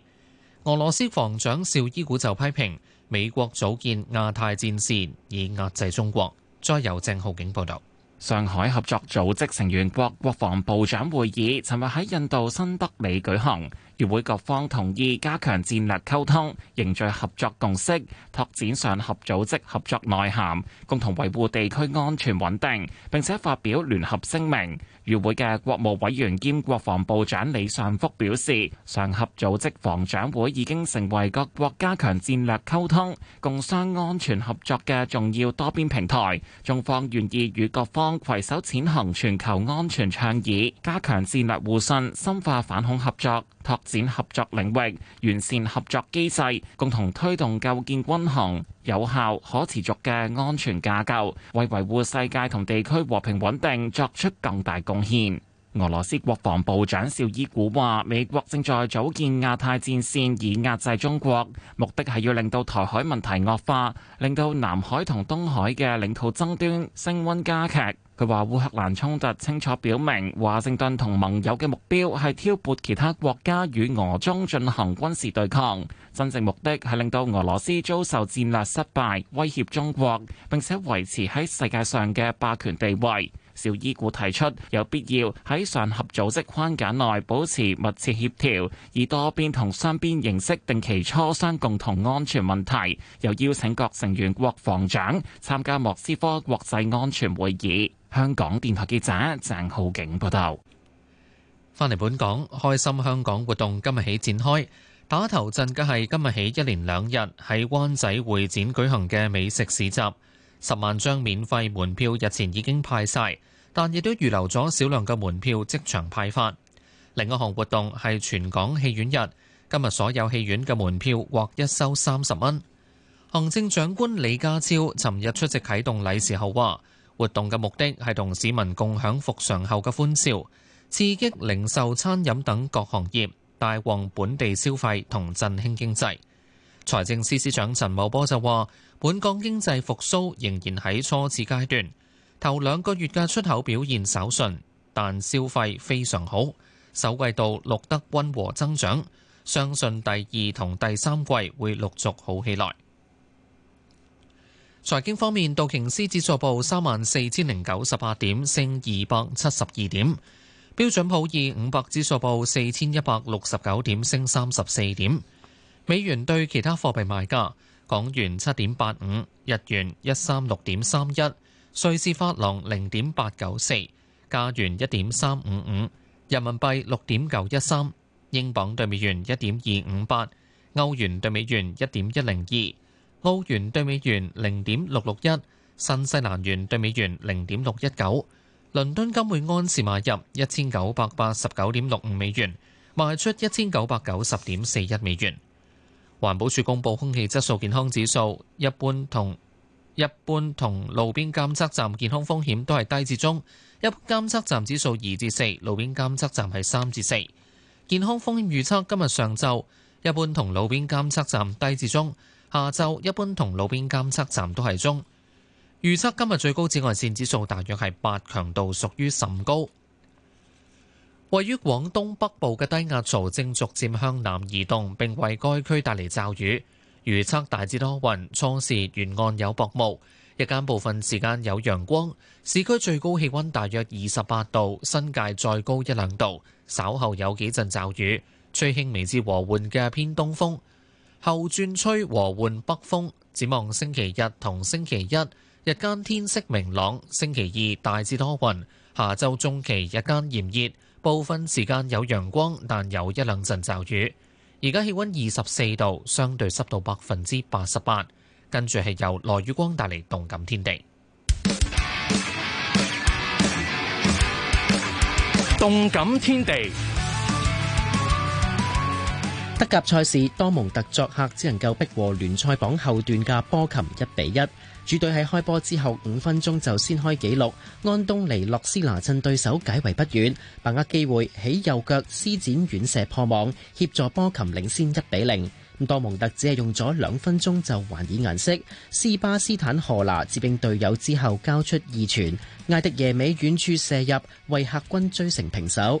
俄羅斯防長邵伊古就批評美國組建亞太戰線以壓制中國。再由鄭浩景報導，上海合作組織成員國國防部長會議尋日喺印度新德里舉行。與會各方同意加強戰略溝通，凝聚合作共識，拓展上合組織合作內涵，共同維護地區安全穩定，並且發表聯合聲明。與會嘅國務委員兼國防部長李尚福表示，上合組織防長會已經成為各國加強戰略溝通、共商安全合作嘅重要多邊平台，中方願意與各方攜手踐行全球安全倡議，加強戰略互信，深化反恐合作，拓展合作領域，完善合作機制，共同推動構建均衡、有效、可持續嘅安全架構，為維護世界同地區和平穩定作出更大貢獻。俄羅斯國防部長紹伊古話：美國正在組建亞太戰線，以壓制中國，目的係要令到台海問題惡化，令到南海同東海嘅領土爭端升溫加劇。佢話：烏克蘭衝突清楚表明，華盛頓同盟友嘅目標係挑撥其他國家與俄中進行軍事對抗，真正目的係令到俄羅斯遭受戰略失敗，威脅中國，並且維持喺世界上嘅霸權地位。紹伊古提出有必要喺上合組織框架內保持密切協調，以多邊同三邊形式定期磋商共同安全問題，又邀請各成員國防長參加莫斯科國際安全會議。香港電台記者鄭浩景報道。翻嚟本港，開心香港活動今日起展開，打頭陣嘅係今日起一連兩日喺灣仔會展舉行嘅美食市集，十萬張免費門票日前已經派晒。但亦都預留咗少量嘅門票即場派發。另一項活動係全港戲院日，今日所有戲院嘅門票劃一收三十蚊。行政長官李家超尋日出席啟動禮時候話，活動嘅目的係同市民共享復常後嘅歡笑，刺激零售、餐飲等各行業，帶旺本地消費同振興經濟。財政司司長陳茂波就話，本港經濟復蘇仍然喺初始階段。頭兩個月嘅出口表現稍順，但消費非常好，首季度錄得溫和增長。相信第二同第三季會陸續好起來。財經方面，道瓊斯指數報三萬四千零九十八點，升二百七十二點；標準普爾五百指數報四千一百六十九點，升三十四點。美元對其他貨幣賣價，港元七點八五，日元一三六點三一。瑞士法郎零點八九四，加元一點三五五，人民幣六點九一三，英鎊兌美元一點二五八，歐元兌美元一點一零二，澳元兌美元零點六六一，新西蘭元兌美元零點六一九。倫敦金每安士買入一千九百八十九點六五美元，賣出一千九百九十點四一美元。環保署公布空氣質素健康指數，一般同一般同路邊監測站健康風險都係低至中，一般監測站指數二至四，路邊監測站係三至四。健康風險預測今日上晝一般同路邊監測站低至中，下晝一般同路邊監測站都係中。預測今日最高紫外線指數大約係八，強度屬於甚高。位於廣東北部嘅低壓槽正逐漸向南移動，並為該區帶嚟驟雨。預測大致多雲，初時沿岸有薄霧，日間部分時間有陽光。市區最高氣温大約二十八度，新界再高一兩度。稍後有幾陣驟雨，吹輕微至和緩嘅偏東風。後轉吹和緩北風。展望星期日同星期一，日間天色明朗。星期二大致多雲，下周中期日間炎熱，部分時間有陽光，但有一兩陣驟雨。而家氣溫二十四度，相對濕度百分之八十八。跟住係由雷雨光帶嚟動感天地。動感天地。德甲賽事，多蒙特作客只能夠逼和聯賽榜後段嘅波琴一比一。主隊喺開波之後五分鐘就先開紀錄，安東尼洛斯拿趁對手解圍不遠，把握機會起右腳施展遠射破網，協助波琴領先一比零。多蒙特只係用咗兩分鐘就還以顏色，斯巴斯坦荷拿接應隊友之後交出二傳，艾迪耶尾遠處射入，為客軍追成平手。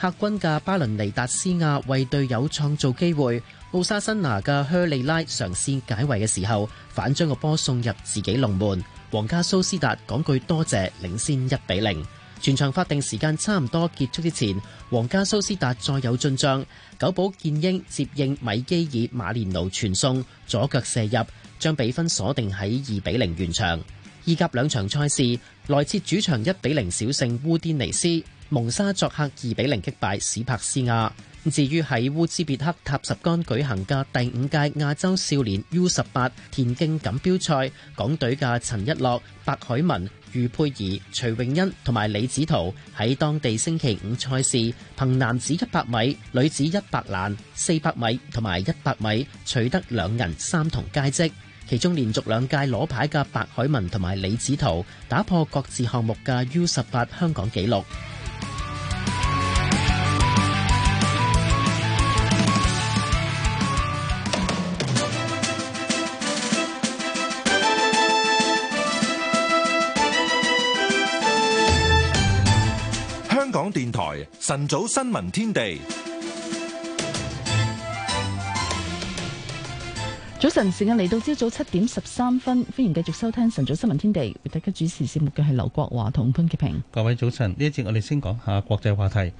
客軍嘅巴倫尼達斯亞為隊友創造機會，奧沙辛拿嘅靴利拉嘗試解圍嘅時候，反將個波送入自己龍門。皇家蘇斯達講句多謝，領先一比零。全場法定時間差唔多結束之前，皇家蘇斯達再有進賬，久保建英接應米基爾馬連奴傳送，左腳射入，將比分鎖定喺二比零完場。意甲兩場賽事，萊切主場一比零小勝烏甸尼斯。蒙沙作客二比零擊敗史帕斯亞。至於喺烏茲別克塔什干舉行嘅第五屆亞洲少年 U 十八田徑錦標賽，港隊嘅陳一樂、白海文、余佩儀、徐永欣同埋李子圖喺當地星期五賽事，憑男子一百米、女子一百欄、四百米同埋一百米，取得兩銀三銅佳績。其中連續兩屆攞牌嘅白海文同埋李子圖打破各自項目嘅 U 十八香港紀錄。晨早新聞天地，早晨時間嚟到朝早七點十三分，歡迎繼續收聽晨早新聞天地。為大家主持節目嘅係劉國華同潘潔平。各位早晨，呢一節我哋先講下國際話題。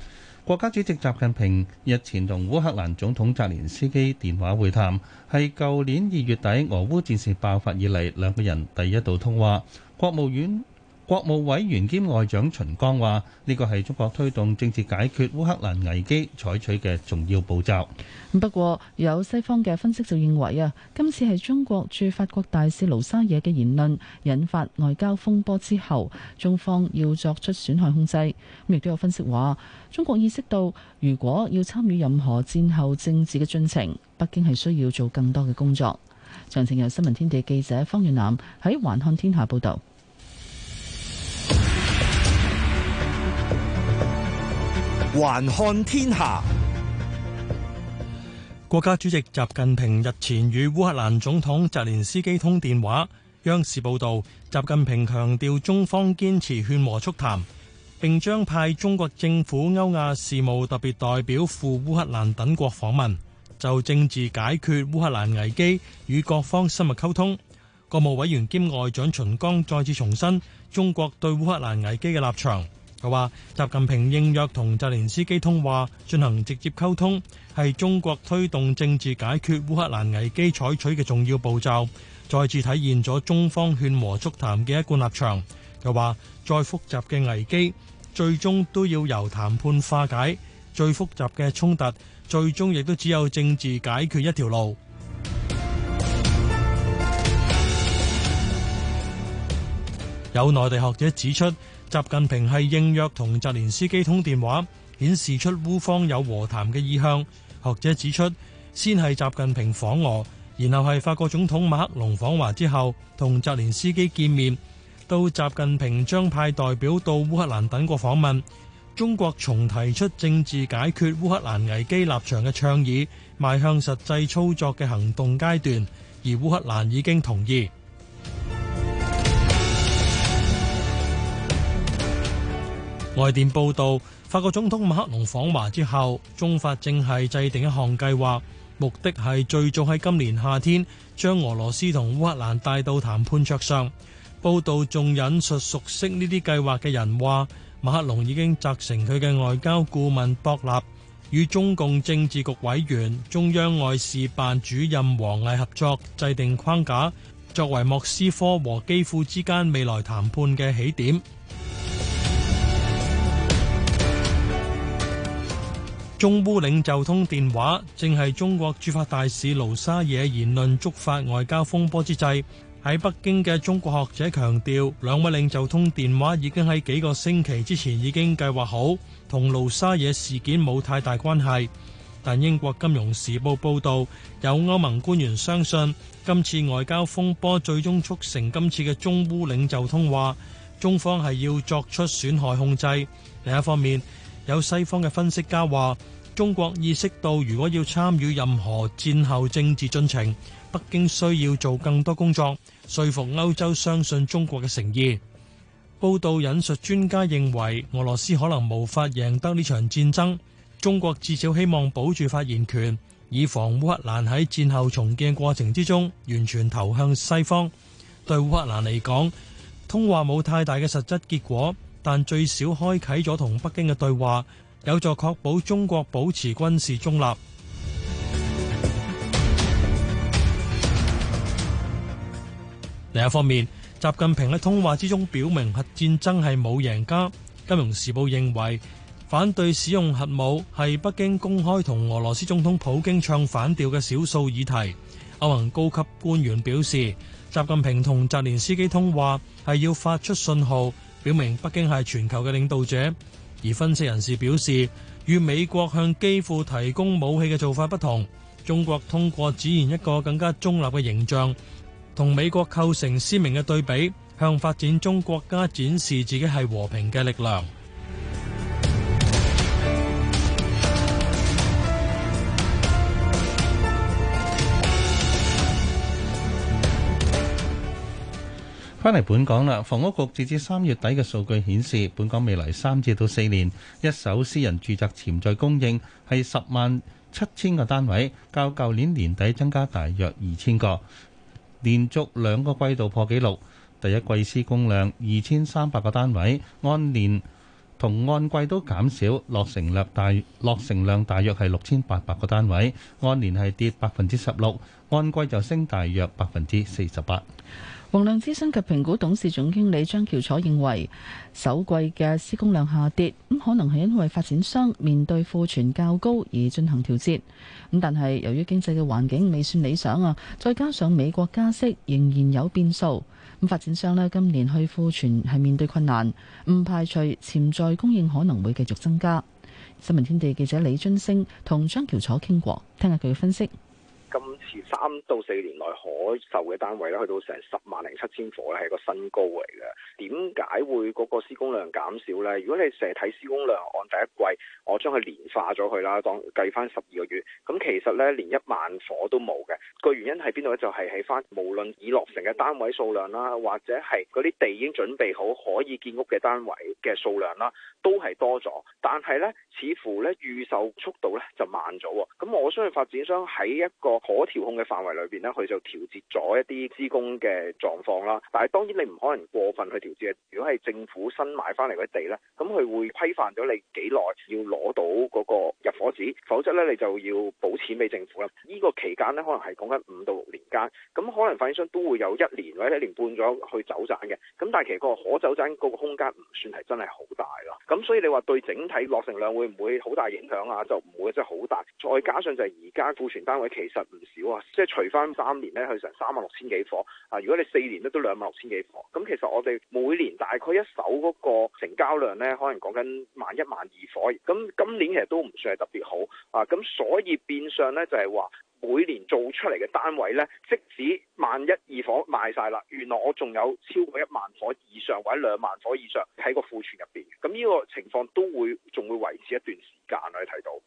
國家主席習近平日前同烏克蘭總統澤連斯基電話會談，係舊年二月底俄烏戰事爆發以嚟兩個人第一度通話。國務院。國務委員兼外長秦剛話：呢個係中國推動政治解決烏克蘭危機採取嘅重要步驟。不過有西方嘅分析就認為啊，今次係中國駐法國大使盧沙野嘅言論引發外交風波之後，中方要作出損害控制。亦都有分析話，中國意識到如果要參與任何戰後政治嘅進程，北京係需要做更多嘅工作。詳情由新聞天地記者方月南喺環看天下報道。還看天下。國家主席習近平日前與烏克蘭總統澤連斯基通電話。央視報道，習近平強調中方堅持勸和促談，並將派中國政府歐亞事務特別代表赴烏克蘭等國訪問，就政治解決烏克蘭危機與各方深入溝通。國務委員兼外長秦剛再次重申中國對烏克蘭危機嘅立場。佢話習近平應約同澤連斯基通話，進行直接溝通，係中國推動政治解決烏克蘭危機採取嘅重要步驟，再次體現咗中方勸和促談嘅一貫立場。佢話再複雜嘅危機，最終都要由談判化解；最複雜嘅衝突，最終亦都只有政治解決一條路。有內地學者指出。習近平係應約同澤連斯基通電話，顯示出烏方有和談嘅意向。學者指出，先係習近平訪俄，然後係法國總統馬克龍訪華之後同澤連斯基見面，到習近平將派代表到烏克蘭等國訪問。中國從提出政治解決烏克蘭危機立場嘅倡議，邁向實際操作嘅行動階段，而烏克蘭已經同意。外電報道，法國總統馬克龍訪華之後，中法正係制定一項計劃，目的係最早喺今年夏天將俄羅斯同烏克蘭帶到談判桌上。報道仲引述熟悉呢啲計劃嘅人話，馬克龍已經責成佢嘅外交顧問博納與中共政治局委員、中央外事辦主任王毅合作，制定框架，作為莫斯科和基輔之間未來談判嘅起點。中烏領袖通電話，正係中國駐法大使盧沙野言論觸發外交風波之際。喺北京嘅中國學者強調，兩位領袖通電話已經喺幾個星期之前已經計劃好，同盧沙野事件冇太大關係。但英國金融時報報導，有歐盟官員相信，今次外交風波最終促成今次嘅中烏領袖通話。中方係要作出損害控制。另一方面，有西方嘅分析家話，中國意識到如果要參與任何戰後政治進程，北京需要做更多工作，說服歐洲相信中國嘅誠意。報道引述專家認為，俄羅斯可能無法贏得呢場戰爭，中國至少希望保住發言權，以防烏克蘭喺戰後重建過程之中完全投向西方。對烏克蘭嚟講，通話冇太大嘅實質結果。但最少開啓咗同北京嘅對話，有助確保中國保持軍事中立。 [MUSIC] 另一方面，習近平喺通話之中表明核戰爭係冇贏家。金融時報認為，反對使用核武係北京公開同俄羅斯總統普京唱反調嘅少數議題。歐盟高級官員表示，習近平同澤連斯基通話係要發出信號。表明北京係全球嘅領導者，而分析人士表示，與美國向基輔提供武器嘅做法不同，中國通過展現一個更加中立嘅形象，同美國構成鮮明嘅對比，向發展中國家展示自己係和平嘅力量。返嚟本港啦，房屋局截至三月底嘅數據顯示，本港未來三至到四年一手私人住宅潛在供應係十萬七千個單位，較舊年年底增加大約二千個，連續兩個季度破紀錄。第一季施工量二千三百個單位，按年同按季都減少，落成量大落成量大約係六千八百個單位，按年係跌百分之十六，按季就升大約百分之四十八。王量諮詢及評估董事總經理張橋楚認為，首季嘅施工量下跌，咁可能係因為發展商面對庫存較高而進行調節。咁但係由於經濟嘅環境未算理想啊，再加上美國加息仍然有變數，咁發展商咧今年去庫存係面對困難，唔排除潛在供應可能會繼續增加。新聞天地記者李津升同張橋楚傾過，聽下佢嘅分析。三到四年內可售嘅單位咧，去到成十萬零七千夥咧，係一個新高嚟嘅。點解會嗰個施工量減少呢？如果你成日睇施工量，按第一季，我將佢年化咗佢啦，當計翻十二個月，咁其實呢，連一萬夥都冇嘅。個原因喺邊度呢？就係喺翻無論已落成嘅單位數量啦，或者係嗰啲地已經準備好可以建屋嘅單位嘅數量啦，都係多咗。但係呢，似乎呢預售速度呢就慢咗。咁我相信發展商喺一個可調控嘅範圍裏邊呢，佢就調節咗一啲施工嘅狀況啦。但係當然你唔可能過分去調。如果係政府新買翻嚟嗰啲地呢，咁佢會規範咗你幾耐要攞到嗰個入伙紙，否則呢，你就要補錢俾政府啦。依、呢個期間呢，可能係講緊五到六年間，咁可能發展商都會有一年或者一年半咗去走盞嘅。咁但係其實個可走盞嗰個空間唔算係真係好大咯。咁所以你話對整體落成量會唔會好大影響啊？就唔會真係好大。再加上就係而家庫存單位其實唔少啊，即係除翻三年呢，去成三萬六千幾伙啊。如果你四年呢，都兩萬六千幾伙，咁其實我哋每年大概一手嗰個成交量呢，可能講緊萬一萬二火。咁今年其實都唔算係特別好啊。咁所以變相呢，就係話，每年做出嚟嘅單位呢，即使萬一二火賣晒啦，原來我仲有超過一萬火以上或者兩萬火以上喺個庫存入邊。咁呢個情況都會仲會維持一段時間。間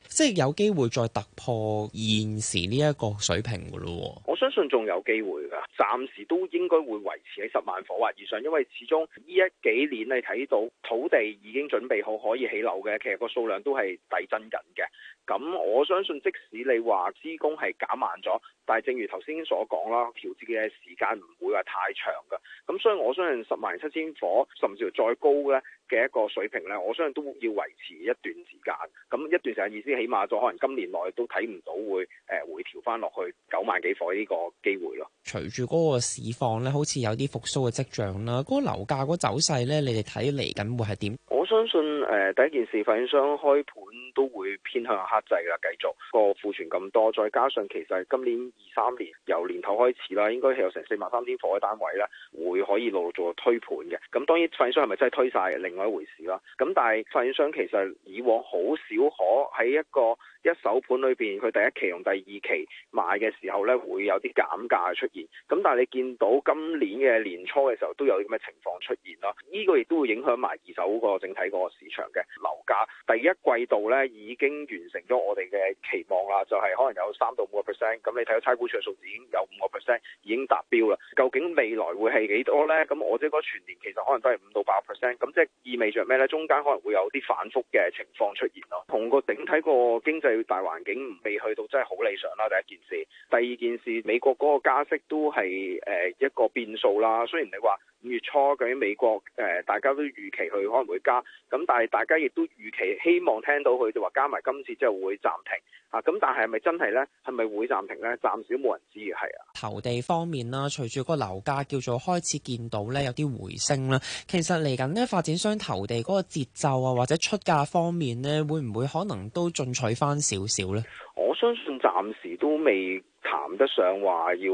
即係有機會再突破現時呢一個水平噶咯。我相信仲有機會噶，暫時都應該會維持喺十萬火或以上，因為始終呢一幾年你睇到土地已經準備好可以起樓嘅，其實個數量都係遞增緊嘅。咁我相信即使你話施工係減慢咗，但係正如頭先所講啦，調節嘅時間唔會話太長噶。咁所以我相信十萬七千火，甚至乎再高呢。嘅一個水平呢，我相信都要維持一段時間。咁一段時間意思，起碼就可能今年內都睇唔到會誒、呃、回調翻落去九萬幾伙呢個機會咯。隨住嗰個市況呢，好似有啲復甦嘅跡象啦。嗰、嗰個樓價嗰走勢呢，你哋睇嚟緊會係點？我相信誒、呃，第一件事發展商開盤都會偏向克制啦。繼續個庫存咁多，再加上其實今年二三年由年頭開始啦，應該係有成四萬三千伙嘅單位咧，會可以攞嚟做推盤嘅。咁當然發展商係咪真係推晒？另一回事啦，咁但係發展商其實以往好少可喺一個一手盤裏邊，佢第一期同第二期賣嘅時候呢，會有啲減價嘅出現。咁但係你見到今年嘅年初嘅時候，都有啲咁嘅情況出現啦。呢個亦都會影響埋二手個整體個市場嘅樓價。第一季度呢，已經完成咗我哋嘅期望啦，就係可能有三到五個 percent。咁你睇到差估處嘅數已經有五個 percent 已經達標啦。究竟未來會係幾多呢？咁我即係講全年其實可能都係五到八個 percent。咁即係。意味着咩呢？中間可能會有啲反覆嘅情況出現咯、啊，同個整體個經濟大環境未去到真係好理想啦。第一件事，第二件事，美國嗰個加息都係誒、呃、一個變數啦。雖然你話。五月初咁啲美國誒、呃，大家都預期佢可能會加，咁但係大家亦都預期希望聽到佢就話加埋今次之後會暫停啊，咁但係係咪真係咧？係咪會暫停咧？暫時冇人知係啊。投地方面啦，隨住個樓價叫做開始見到咧有啲回升啦，其實嚟緊咧發展商投地嗰個節奏啊，或者出價方面咧，會唔會可能都進取翻少少咧？我相信暫時都未。談得上話要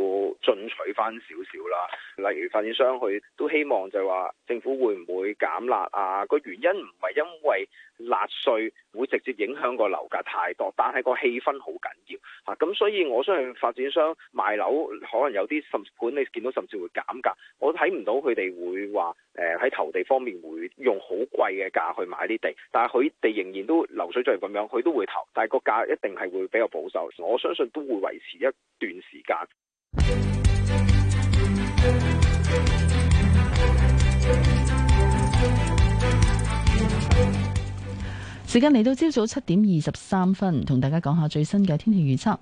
進取翻少少啦，例如發展商佢都希望就係話政府會唔會減辣啊？個原因唔係因為辣稅會直接影響個樓價太多，但係個氣氛好緊要嚇。咁、啊、所以我相信發展商賣樓可能有啲甚至盤你見到甚至會減價，我睇唔到佢哋會話。誒，喺投地方面會用好貴嘅價去買啲地，但係佢哋仍然都流水就係咁樣，佢都會投，但係個價一定係會比較保守。我相信都會維持一段時間。時間嚟到朝早七點二十三分，同大家講下最新嘅天氣預測。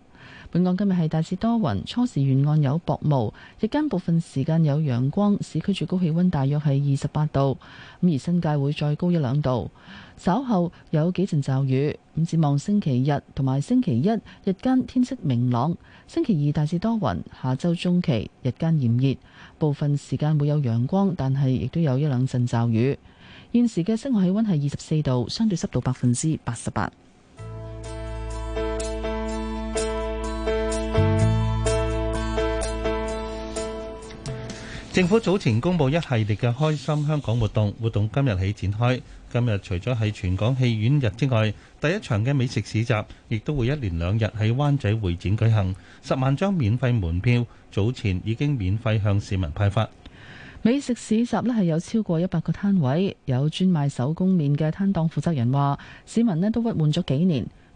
本港今日係大致多雲，初時沿岸有薄霧，日間部分時間有陽光。市區最高氣溫大約係二十八度，咁而新界會再高一兩度。稍後有幾陣驟雨。咁展望星期日同埋星期一，日間天色明朗；星期二大致多雲，下周中期日間炎熱，部分時間會有陽光，但係亦都有一兩陣驟雨。現時嘅室外氣溫係二十四度，相對濕度百分之八十八。政府早前公布一系列嘅開心香港活動，活動今日起展開。今日除咗係全港戲院日之外，第一場嘅美食市集亦都會一連兩日喺灣仔會展舉行。十萬張免費門票早前已經免費向市民派發。美食市集咧係有超過一百個攤位，有專賣手工麵嘅攤檔負責人話，市民咧都鬱悶咗幾年。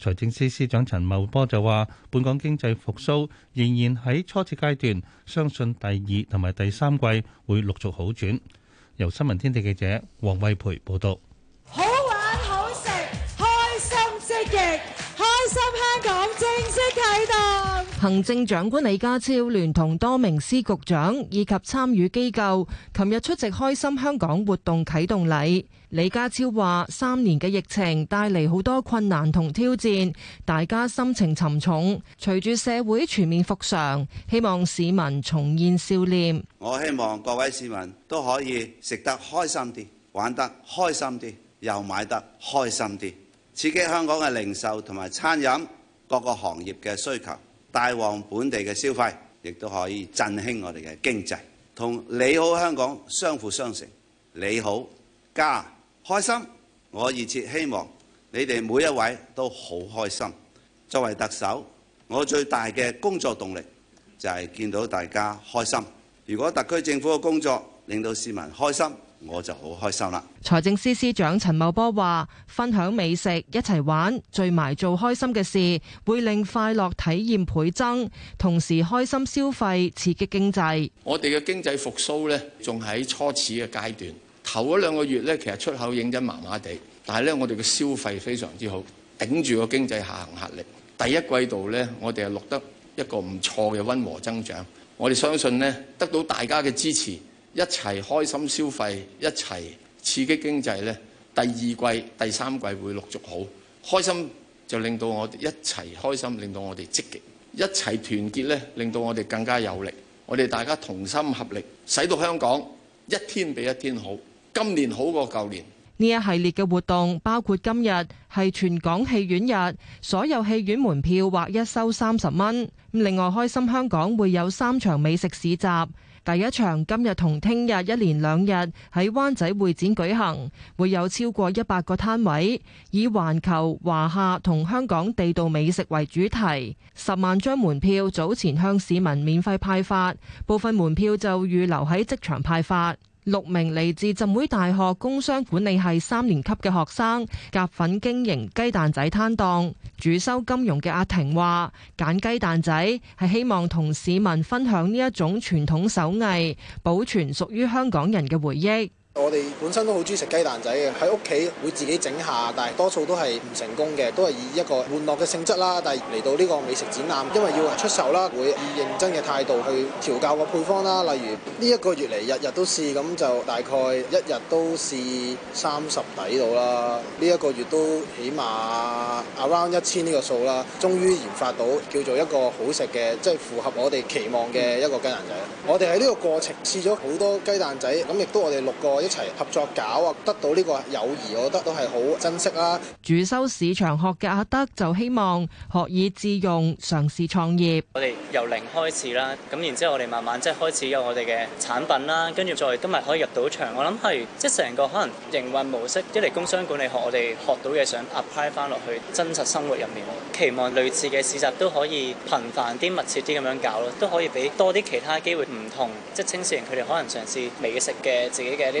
財政司司長陳茂波就話，本港經濟復蘇仍然喺初始階段，相信第二同埋第三季會陸續好轉。由新聞天地記者黃慧培報道。好玩好食，開心積極，開心香港正式啟動。行政長官李家超聯同多名司局長以及參與機構，琴日出席開心香港活動啟動禮。李家超話：三年嘅疫情帶嚟好多困難同挑戰，大家心情沉重。隨住社會全面復常，希望市民重現笑臉。我希望各位市民都可以食得開心啲，玩得開心啲，又買得開心啲，刺激香港嘅零售同埋餐飲各個行業嘅需求，帶旺本地嘅消費，亦都可以振興我哋嘅經濟，同你好香港相輔相成。你好，家開心，我熱切希望你哋每一位都好開心。作為特首，我最大嘅工作動力就係見到大家開心。如果特區政府嘅工作令到市民開心，我就好開心啦。財政司司長陳茂波話，分享美食，一齊玩，聚埋做開心嘅事，會令快樂體驗倍增，同時開心消費，刺激經濟。我哋嘅經濟復甦呢，仲喺初始嘅階段。頭嗰兩個月咧，其實出口影真麻麻地，但係咧，我哋嘅消費非常之好，頂住個經濟下行壓力。第一季度咧，我哋係錄得一個唔錯嘅溫和增長。我哋相信咧，得到大家嘅支持，一齊開心消費，一齊刺激經濟咧。第二季、第三季會陸續好，開心就令到我哋一齊開心，令到我哋積極，一齊團結咧，令到我哋更加有力。我哋大家同心合力，使到香港一天比一天好。今年好過舊年。呢一系列嘅活動包括今日係全港戲院日，所有戲院門票劃一收三十蚊。另外，開心香港會有三場美食市集。第一場今日同聽日一連兩日喺灣仔會展舉行，會有超過一百個攤位，以環球、華夏同香港地道美食為主題。十萬張門票早前向市民免費派發，部分門票就預留喺職場派發。六名嚟自浸會大學工商管理系三年級嘅學生夾份經營雞蛋仔攤檔。主修金融嘅阿婷話：揀雞蛋仔係希望同市民分享呢一種傳統手藝，保存屬於香港人嘅回憶。我哋本身都好中意食雞蛋仔嘅，喺屋企會自己整下，但係多數都係唔成功嘅，都係以一個玩樂嘅性質啦。但係嚟到呢個美食展覽，因為要出售啦，會以認真嘅態度去調教個配方啦。例如呢一個月嚟日日都試，咁就大概一日都試三十底度啦。呢一個月都起碼 around 一千呢個數啦。終於研發到叫做一個好食嘅，即係符合我哋期望嘅一個雞蛋仔。我哋喺呢個過程試咗好多雞蛋仔，咁亦都我哋六個，一齊合作搞啊！得到呢個友誼，我覺得都係好珍惜啦。主修市場學嘅阿德就希望學以致用，嘗試創業。我哋由零開始啦，咁然之後我哋慢慢即係開始有我哋嘅產品啦，跟住再今日可以入到場。我諗係即係成個可能營運模式，一嚟工商管理學我哋學到嘅想 apply 翻落去真實生活入面。期望類似嘅市集都可以頻繁啲、密切啲咁樣搞咯，都可以俾多啲其他機會唔同即係青少年佢哋可能嘗試美食嘅自己嘅呢？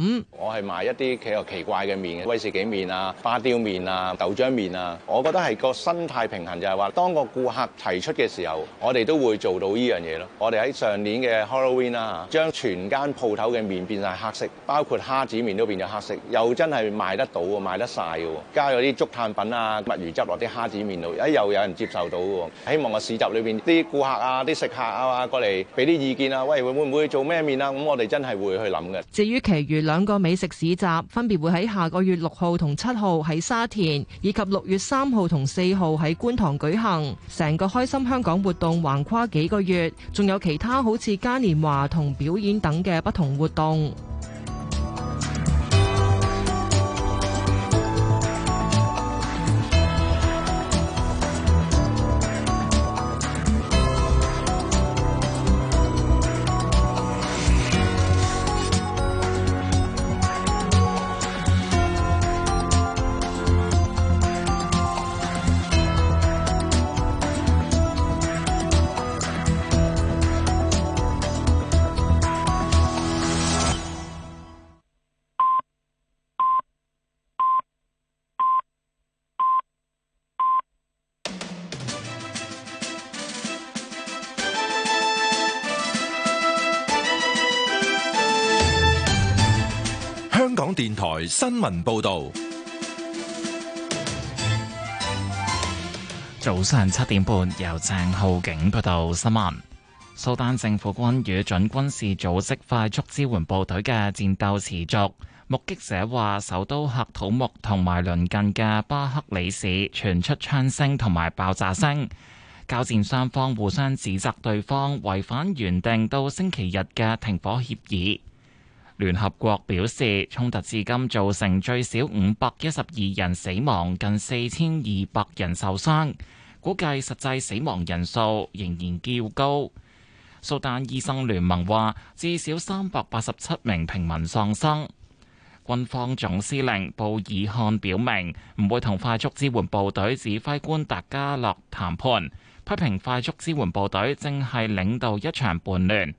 嗯、我係賣一啲嘅奇奇怪嘅麵嘅威士忌麵啊、花雕麵啊、豆漿麵啊，我覺得係個生態平衡就係話，當個顧客提出嘅時候，我哋都會做到呢樣嘢咯。我哋喺上年嘅 Halloween 啊，將全間鋪頭嘅麵變晒黑色，包括蝦子麵都變咗黑色，又真係賣得到，賣得晒嘅。加咗啲竹炭品啊，墨魚汁落啲蝦子麵度，哎又有人接受到嘅。希望個市集裏邊啲顧客啊、啲食客啊過嚟俾啲意見會會啊，喂會唔會做咩麵啊？咁我哋真係會去諗嘅。至於其餘。兩個美食市集分別會喺下個月六號同七號喺沙田，以及六月三號同四號喺觀塘舉行。成個開心香港活動橫跨幾個月，仲有其他好似嘉年華同表演等嘅不同活動。台新聞報道，早上七點半由鄭浩景報道新聞。蘇丹政府軍與準軍事組織快速支援部隊嘅戰鬥持續。目擊者話，首都喀土穆同埋鄰近嘅巴克里市傳出槍聲同埋爆炸聲。交戰雙方互相指責對方違反原定到星期日嘅停火協議。聯合國表示，衝突至今造成最少五百一十二人死亡，近四千二百人受傷，估計實際死亡人數仍然較高。蘇丹醫生聯盟話，至少三百八十七名平民喪生。軍方總司令布爾漢表明，唔會同快速支援部隊指揮官達加洛談判，批評快速支援部隊正係領導一場叛亂。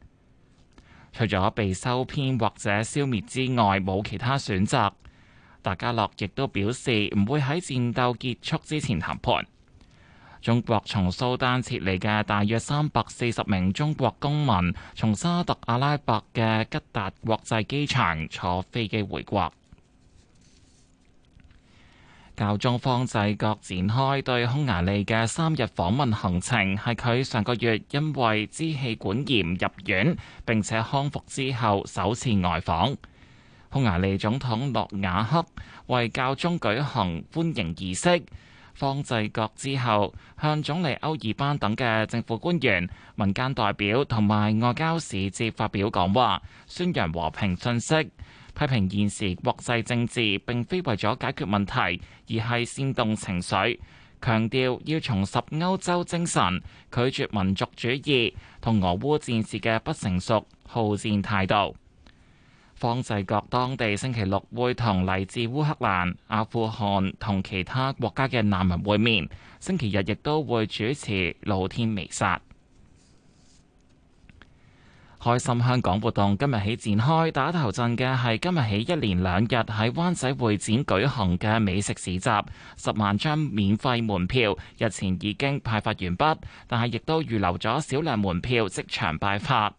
除咗被收編或者消滅之外，冇其他選擇。達加洛亦都表示唔會喺戰鬥結束之前談判。中國從蘇丹撤離嘅大約三百四十名中國公民，從沙特阿拉伯嘅吉達國際機場坐飛機回國。教宗方濟各展開對匈牙利嘅三日訪問行程，係佢上個月因為支氣管炎入院，並且康復之後首次外訪。匈牙利總統諾瓦克為教宗舉行歡迎儀式，方濟各之後向總理歐爾班等嘅政府官員、民間代表同埋外交使節發表講話，宣揚和平信息。批評現時國際政治並非為咗解決問題，而係煽動情緒。強調要重拾歐洲精神，拒絕民族主義同俄烏戰事嘅不成熟好戰態度。方濟各當地星期六會同嚟自烏克蘭、阿富汗同其他國家嘅難民會面，星期日亦都會主持露天彌撒。開心香港活動今日起展開，打頭陣嘅係今日起一連兩日喺灣仔會展舉行嘅美食市集，十萬張免費門票日前已經派發完畢，但係亦都預留咗少量門票即場派發。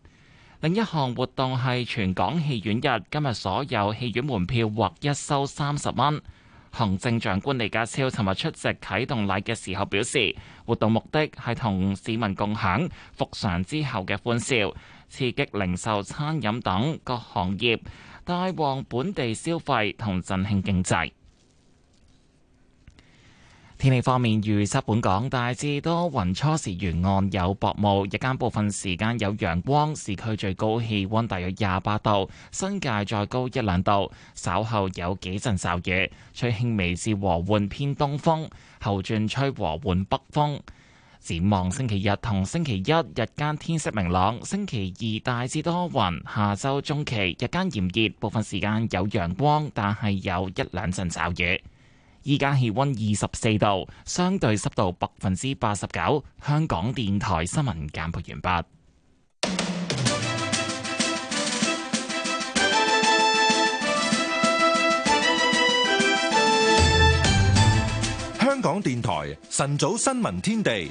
另一項活動係全港戲院日，今日所有戲院門票劃一收三十蚊。行政長官李家超尋日出席啟動禮嘅時候表示，活動目的係同市民共享復常之後嘅歡笑。刺激零售、餐飲等各行業，帶旺本地消費同振興經濟。天氣方面預測本港大致多雲，初時沿岸有薄霧，日間部分時間有陽光，市區最高氣溫大約廿八度，新界再高一兩度，稍後有幾陣驟雨，吹輕微至和緩偏東風，後轉吹和緩北風。展望星期日同星期一日間天色明朗，星期二大致多雲，下周中期日間炎熱，部分時間有陽光，但係有一兩陣驟雨。依家氣溫二十四度，相對濕度百分之八十九。香港電台新聞簡報完畢。香港電台晨早新聞天地，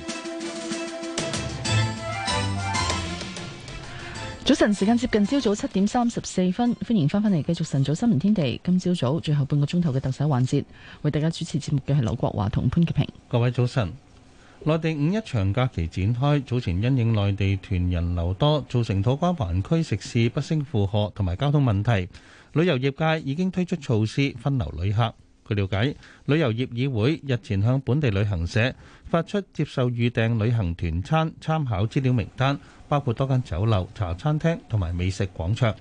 早晨時間接近朝早七點三十四分，歡迎翻返嚟繼續晨早新聞天地。今朝早,早最後半個鐘頭嘅特首環節，為大家主持節目嘅係劉國華同潘潔平。各位早晨，內地五一長假期展開，早前因應內地團人流多，造成土瓜灣區食肆不勝負荷同埋交通問題，旅遊業界已經推出措施分流旅客。據了解，旅遊業議會日前向本地旅行社發出接受預訂旅行團餐參考資料名單，包括多間酒樓、茶餐廳同埋美食廣場。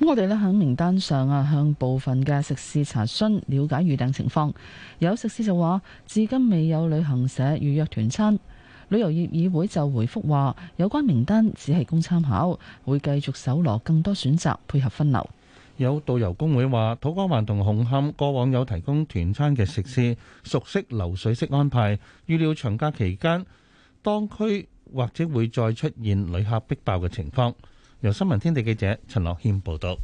咁我哋呢喺名單上啊，向部分嘅食肆查詢了解預訂情況。有食肆就話至今未有旅行社預約團餐。旅遊業議會就回覆話，有關名單只係供參考，會繼續搜羅更多選擇配合分流。有導遊工會話，土瓜灣同紅磡過往有提供團餐嘅食肆，熟悉流水式安排，預料長假期間，當區或者會再出現旅客逼爆嘅情況。由新聞天地記者陳樂謙報道。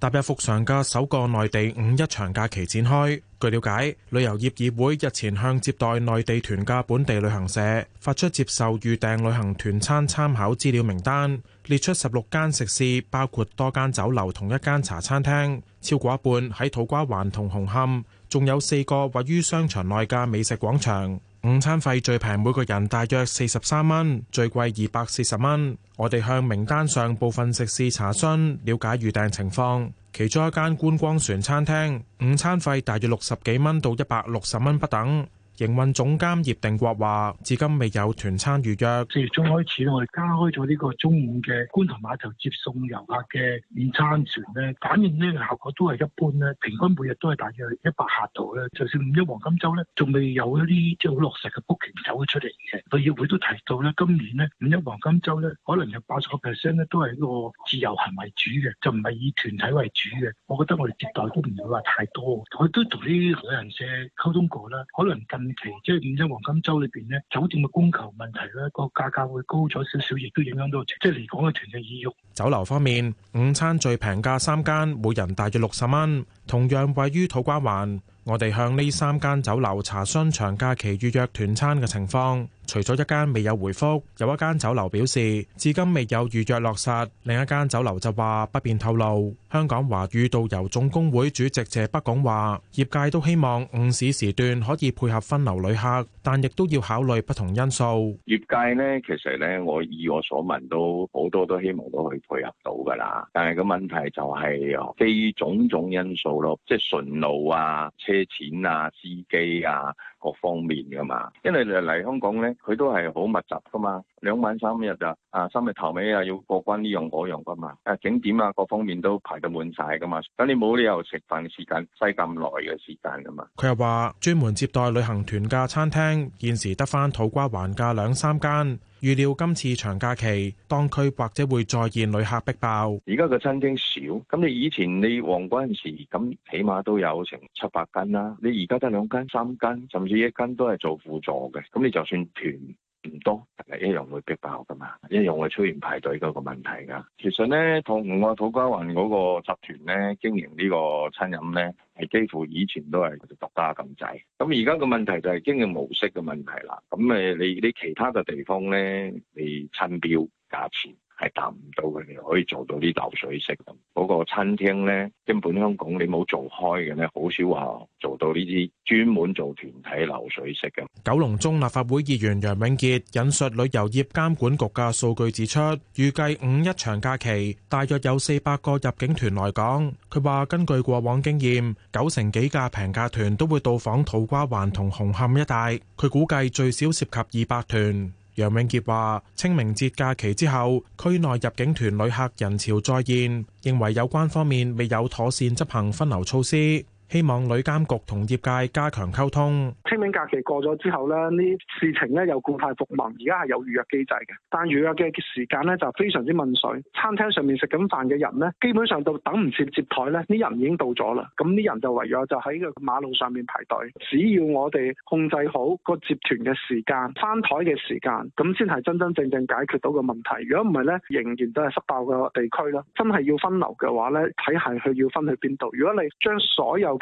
踏入復常嘅首個內地五一長假期展開。據了解，旅遊業議會日前向接待內地團嘅本地旅行社發出接受預訂旅行團餐參考資料名單，列出十六間食肆，包括多間酒樓同一間茶餐廳，超過一半喺土瓜灣同紅磡，仲有四個位於商場內嘅美食廣場。午餐費最平每個人大約四十三蚊，最貴二百四十蚊。我哋向名單上部分食肆查詢，了解預訂情況。其中一間觀光船餐廳，午餐費大約六十幾蚊到一百六十蚊不等。營運總監葉定國話，至今未有團餐預約。四月中開始，我哋加開咗呢個中午嘅觀塘碼頭接送遊客嘅午餐船咧，反應咧效果都係一般咧。平均每日都係大約一百客度咧。就算五一黃金周咧，仲未有一啲即係好落實嘅 booking 走咗出嚟嘅。旅業會都提到咧，今年呢五一黃金周咧，可能有八十個 percent 咧都係呢個自由行為主嘅，就唔係以團體為主嘅。我覺得我哋接待都唔會話太多。我亦都同啲旅行社溝通過啦，可能近。即係五一黃金周裏邊咧，酒店嘅供求問題，呢個價格會高咗少少，亦都影響到即係嚟講嘅團嘅意欲。酒樓方面，午餐最平價三間，每人大約六十蚊。同樣位於土瓜灣，我哋向呢三間酒樓查詢長假期預約團餐嘅情況。除咗一間未有回覆，有一間酒樓表示至今未有預約落實，另一間酒樓就話不便透露。香港華語導遊總工會主席謝北港話：業界都希望午市時段可以配合分流旅客，但亦都要考慮不同因素。業界呢，其實呢，我以我所聞都好多都希望都可以配合到噶啦，但係個問題就係基於種種因素咯，即係順路啊、車錢啊、司機啊。各方面噶嘛，因為嚟嚟香港咧，佢都係好密集噶嘛，兩晚三日就啊，三日頭尾啊要過關呢樣嗰樣噶嘛，啊景點啊各方面都排得滿晒噶嘛，等你冇理由食飯時間嘥咁耐嘅時間噶嘛。佢又話，專門接待旅行團嘅餐廳，現時得翻土瓜灣嘅兩三間。預料今次長假期，當區或者會再現旅客逼爆。而家個餐經少，咁你以前你旺季時，咁起碼都有成七百斤啦。你而家得兩斤、三斤，甚至一斤都係做輔助嘅。咁你就算團。唔多，但係一樣會逼爆噶嘛，一樣會出現排隊嗰個問題噶。其實咧，同個土瓜灣嗰個集團咧經營個呢個餐飲咧，係幾乎以前都係獨家禁制。咁而家個問題就係經營模式嘅問題啦。咁誒，你你其他嘅地方咧，你參標價錢。係達唔到嘅，你可以做到啲流水式。嗰個餐廳呢，根本香港你冇做開嘅呢，好少話做到呢啲專門做團體流水式嘅。九龍中立法會議員楊永杰引述旅遊業監管局嘅數據指出，預計五一長假期大約有四百個入境團來港。佢話根據過往經驗，九成幾嘅平價團都會到訪土瓜灣同紅磡一帶，佢估計最少涉及二百團。楊永杰話：清明節假期之後，區內入境團旅客人潮再現，認為有關方面未有妥善執行分流措施。希望旅監局同業界加強溝通。清明假期過咗之後呢，呢事情咧又故態復萌，而家係有預約機制嘅，但預約嘅時間呢就非常之悶水。餐廳上面食緊飯嘅人呢，基本上都等唔切接台，呢啲人已經到咗啦。咁啲人就唯有就喺個馬路上面排隊。只要我哋控制好個接團嘅時間、翻台嘅時間，咁先係真真正正解決到個問題。如果唔係呢，仍然都係塞爆個地區啦。真係要分流嘅話呢，睇係佢要分去邊度。如果你將所有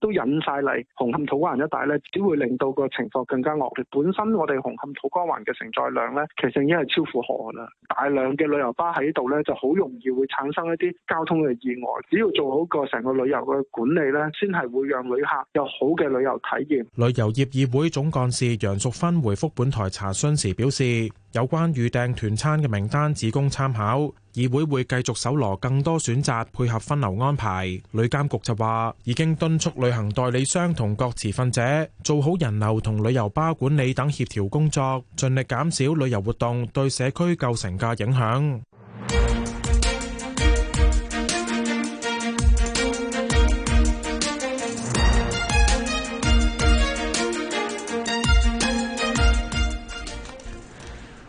都引晒嚟紅磡土瓜灣一帶呢，只會令到個情況更加惡劣。本身我哋紅磡土瓜灣嘅承載量呢，其實已經係超負荷㗎啦。大量嘅旅遊巴喺度呢，就好容易會產生一啲交通嘅意外。只要做好個成個旅遊嘅管理呢，先係會讓旅客有好嘅旅遊體驗。旅遊業議會總幹事楊淑芬回覆本台查詢時表示，有關預訂團餐嘅名單只供參考，議會會繼續搜羅更多選擇，配合分流安排。旅監局就話已經敦促旅旅行代理商同各持份者做好人流同旅遊巴管理等協調工作，盡力減少旅遊活動對社區構成嘅影響。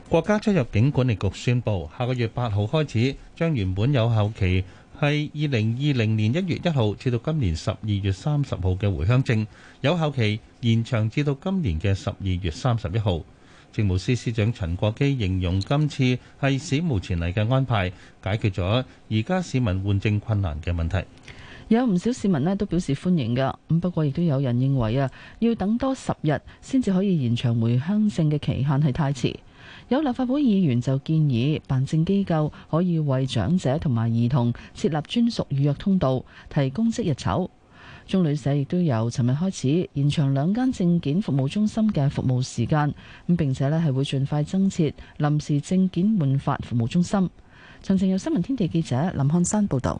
國家出入境管理局宣布，下個月八號開始，將原本有效期係二零二零年一月一號至到今年十二月三十號嘅回鄉證有效期延長至到今年嘅十二月三十一號。政務司司長陳國基形容今次係史無前例嘅安排，解決咗而家市民換證困難嘅問題。有唔少市民咧都表示歡迎㗎，咁不過亦都有人認為啊，要等多十日先至可以延長回鄉證嘅期限係太遲。有立法會議員就建議辦證機構可以為長者同埋兒童設立專屬預約通道，提供即日籌。中旅社亦都由尋日開始延長兩間證件服務中心嘅服務時間，咁並且咧係會盡快增設臨時證件換發服務中心。詳情由新聞天地記者林漢山報導。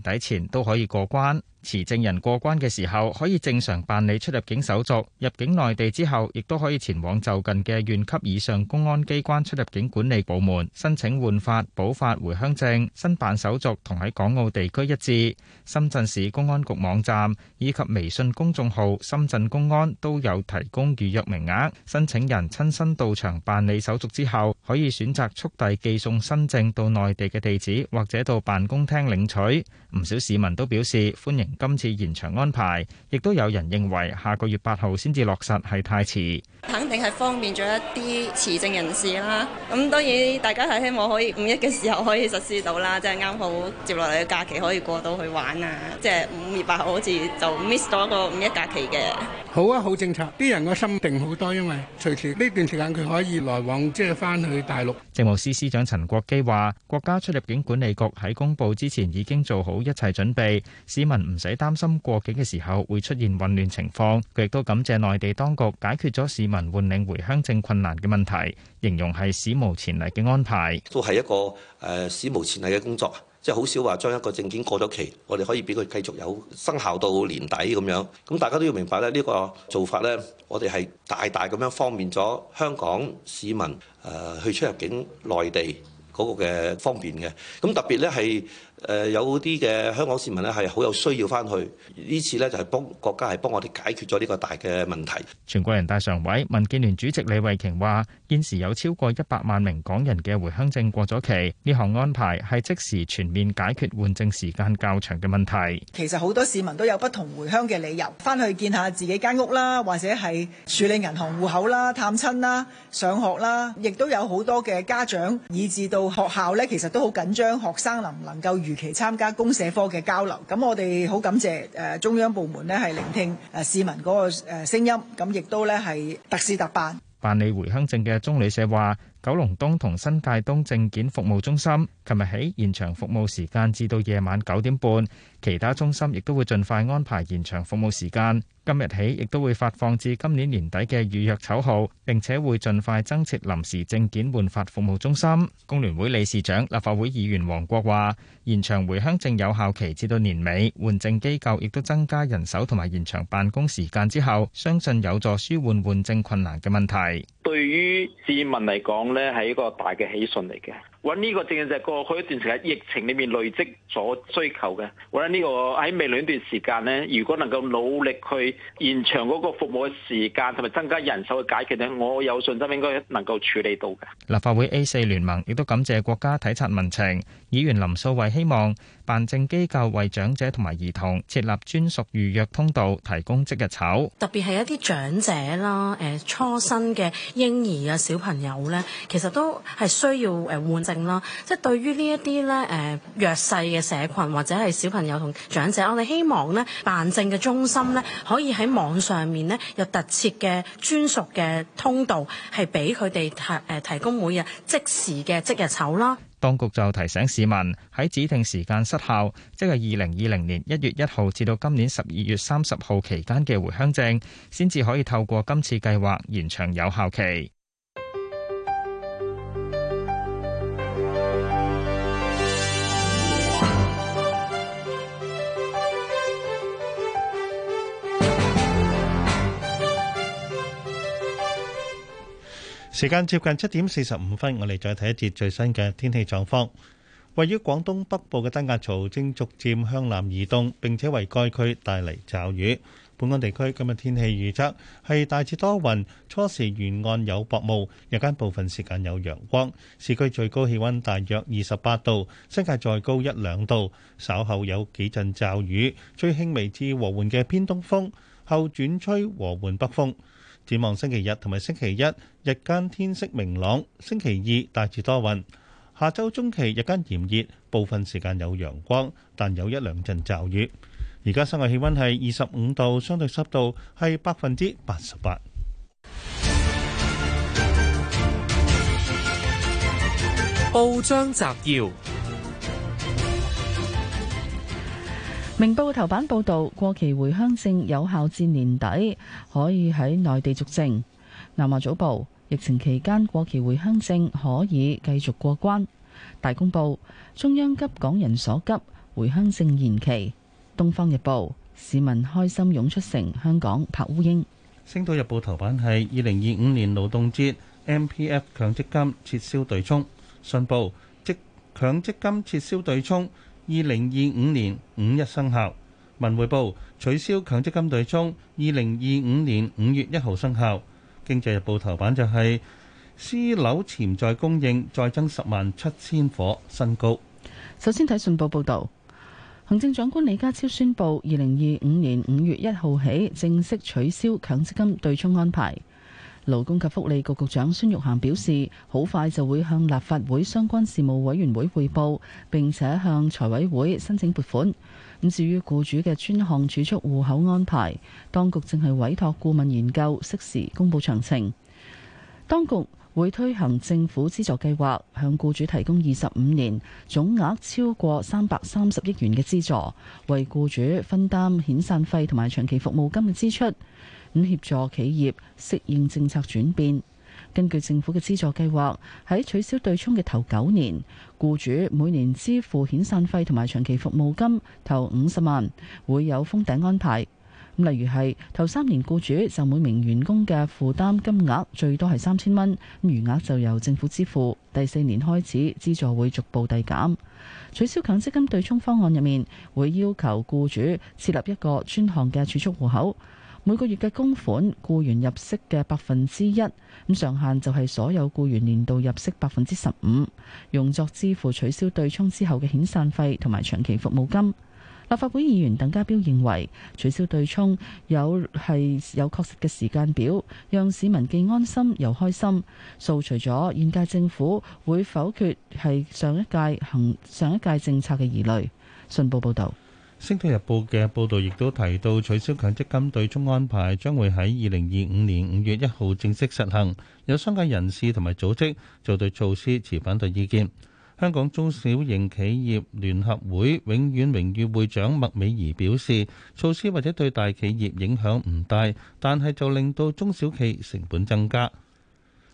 底前都可以過關。持證人過關嘅時候可以正常辦理出入境手續，入境內地之後，亦都可以前往就近嘅縣級以上公安機關出入境管理部門申請換發、補發回鄉證，申辦手續同喺港澳地區一致。深圳市公安局網站以及微信公眾號「深圳公安」都有提供預約名額，申請人親身到場辦理手續之後，可以選擇速遞寄送新證到內地嘅地址，或者到辦公廳領取。唔少市民都表示歡迎。今次延長安排，亦都有人認為下個月八號先至落實係太遲。肯定係方便咗一啲持證人士啦。咁當然大家係希望可以五一嘅時候可以實施到啦，即係啱好接落嚟嘅假期可以過到去玩啊！即係五月八號好似就 miss 咗個五一假期嘅。好啊，好政策，啲人個心定好多，因為隨時呢段時間佢可以來往，即係翻去大陸。政務司司長陳國基話，國家出入境管理局喺公佈之前已經做好一切準備，市民唔。唔使擔心過境嘅時候會出現混亂情況。佢亦都感謝內地當局解決咗市民換領回鄉證困難嘅問題，形容係史無前例嘅安排，都係一個誒史無前例嘅工作，即係好少話將一個證件過咗期，我哋可以俾佢繼續有生效到年底咁樣。咁大家都要明白咧，呢個做法咧，我哋係大大咁樣方便咗香港市民誒去出入境內地嗰個嘅方便嘅。咁特別咧係。誒有啲嘅香港市民呢係好有需要翻去，呢次呢就係幫國家係幫我哋解決咗呢個大嘅問題。全國人大常委、民建聯主席李慧瓊話：現時有超過一百萬名港人嘅回鄉證過咗期，呢項安排係即時全面解決換證時間較長嘅問題。其實好多市民都有不同回鄉嘅理由，翻去見下自己間屋啦，或者係處理銀行戶口啦、探親啦、上學啦，亦都有好多嘅家長，以至到學校呢，其實都好緊張，學生能唔能夠完如期參加公社科嘅交流，咁我哋好感謝誒中央部門咧，係聆聽誒市民嗰個誒聲音，咁亦都咧係特事特辦。辦理回鄉證嘅中旅社話，九龍東同新界東證件服務中心，琴日起延長服務時間至到夜晚九點半，其他中心亦都會盡快安排延長服務時間。今日起亦都會發放至今年年底嘅預約籌號，並且會盡快增設臨時證件換發服務中心。工聯會理事長、立法會議員黃國話，延長回鄉證有效期至到年尾，換證機構亦都增加人手同埋延長辦公時間之後，相信有助舒緩換證困難嘅問題。對於市民嚟講咧，係一個大嘅喜訊嚟嘅。搵呢個證就係過去一段時間疫情裏面累積所需求嘅。我覺得呢個喺未來一段時間咧，如果能夠努力去。延長嗰個服務嘅時間，同埋增加人手嘅解決咧，我有信心應該能夠處理到嘅。立法會 A4 聯盟亦都感謝國家體察民情，議員林素慧希望辦證機構為長者同埋兒童設立專屬預約通道，提供即日籌。特別係一啲長者啦，誒，初生嘅嬰兒啊，小朋友咧，其實都係需要誒換證啦。即係對於呢一啲咧，誒弱勢嘅社群或者係小朋友同長者，我哋希望咧辦證嘅中心咧可以。可以喺網上面呢有特設嘅專屬嘅通道，係俾佢哋提誒提供每日即時嘅即日籌啦。當局就提醒市民，喺指定時間失效，即係二零二零年一月一號至到今年十二月三十號期間嘅回鄉證，先至可以透過今次計劃延長有效期。時間接近七點四十五分，我哋再睇一節最新嘅天氣狀況。位於廣東北部嘅低壓槽正逐漸向南移動，並且為該區帶嚟驟雨。本港地區今日天，天氣預測係大致多雲，初時沿岸有薄霧，日間部分時間有陽光。市區最高氣溫大約二十八度，新界再高一兩度。稍後有幾陣驟雨，吹輕微至和緩嘅偏東風，後轉吹和緩北風。展望星期日同埋星期一日間天色明朗，星期二大致多雲。下周中期日間炎熱，部分時間有陽光，但有一兩陣驟雨。而家室外氣溫係二十五度，相對濕度係百分之八十八。報章摘要。明報頭版報導，過期回鄉證有效至年底，可以喺內地續證。南華早報，疫情期間過期回鄉證可以繼續過關。大公報，中央急港人所急，回鄉證延期。東方日報，市民開心湧出城，香港拍烏蠅。星島日報頭版係二零二五年勞動節，MPF 強積金撤銷對沖。信報即強積金撤銷對沖。二零二五年五一生效。文匯報取消強積金對沖，二零二五年五月一號生效。經濟日報頭版就係私樓潛在供應再增十萬七千伙新高。首先睇信報報道，行政長官李家超宣佈，二零二五年五月一號起正式取消強積金對沖安排。勞工及福利局局長孫玉菡表示，好快就會向立法會相關事務委員會匯報，並且向財委會申請撥款。咁至於雇主嘅專項儲蓄戶口安排，當局正係委託顧問研究，適時公布詳情。當局會推行政府資助計劃，向雇主提供二十五年，總額超過三百三十億元嘅資助，為雇主分擔遣散費同埋長期服務金嘅支出。咁協助企業適應政策轉變。根據政府嘅資助計劃，喺取消對沖嘅頭九年，雇主每年支付遣散費同埋長期服務金頭，頭五十萬會有封頂安排。例如係頭三年，雇主就每名員工嘅負擔金額最多係三千蚊，餘額就由政府支付。第四年開始，資助會逐步遞減。取消強積金對沖方案入面會要求雇主設立一個專項嘅儲蓄戶口。每個月嘅供款，雇員入息嘅百分之一，咁上限就係所有雇員年度入息百分之十五，用作支付取消對沖之後嘅遣散費同埋長期服務金。立法會議員鄧家彪認為，取消對沖有係有確實嘅時間表，讓市民既安心又開心，掃除咗現屆政府會否決係上一屆行上一屆政策嘅疑慮。信報報道。《星島日報》嘅報導亦都提到，取消強積金對沖安排將會喺二零二五年五月一號正式實行。有商界人士同埋組織就對措施持反對意見。香港中小型企業聯合會永遠榮譽會長麥美儀表示，措施或者對大企業影響唔大，但係就令到中小企成本增加。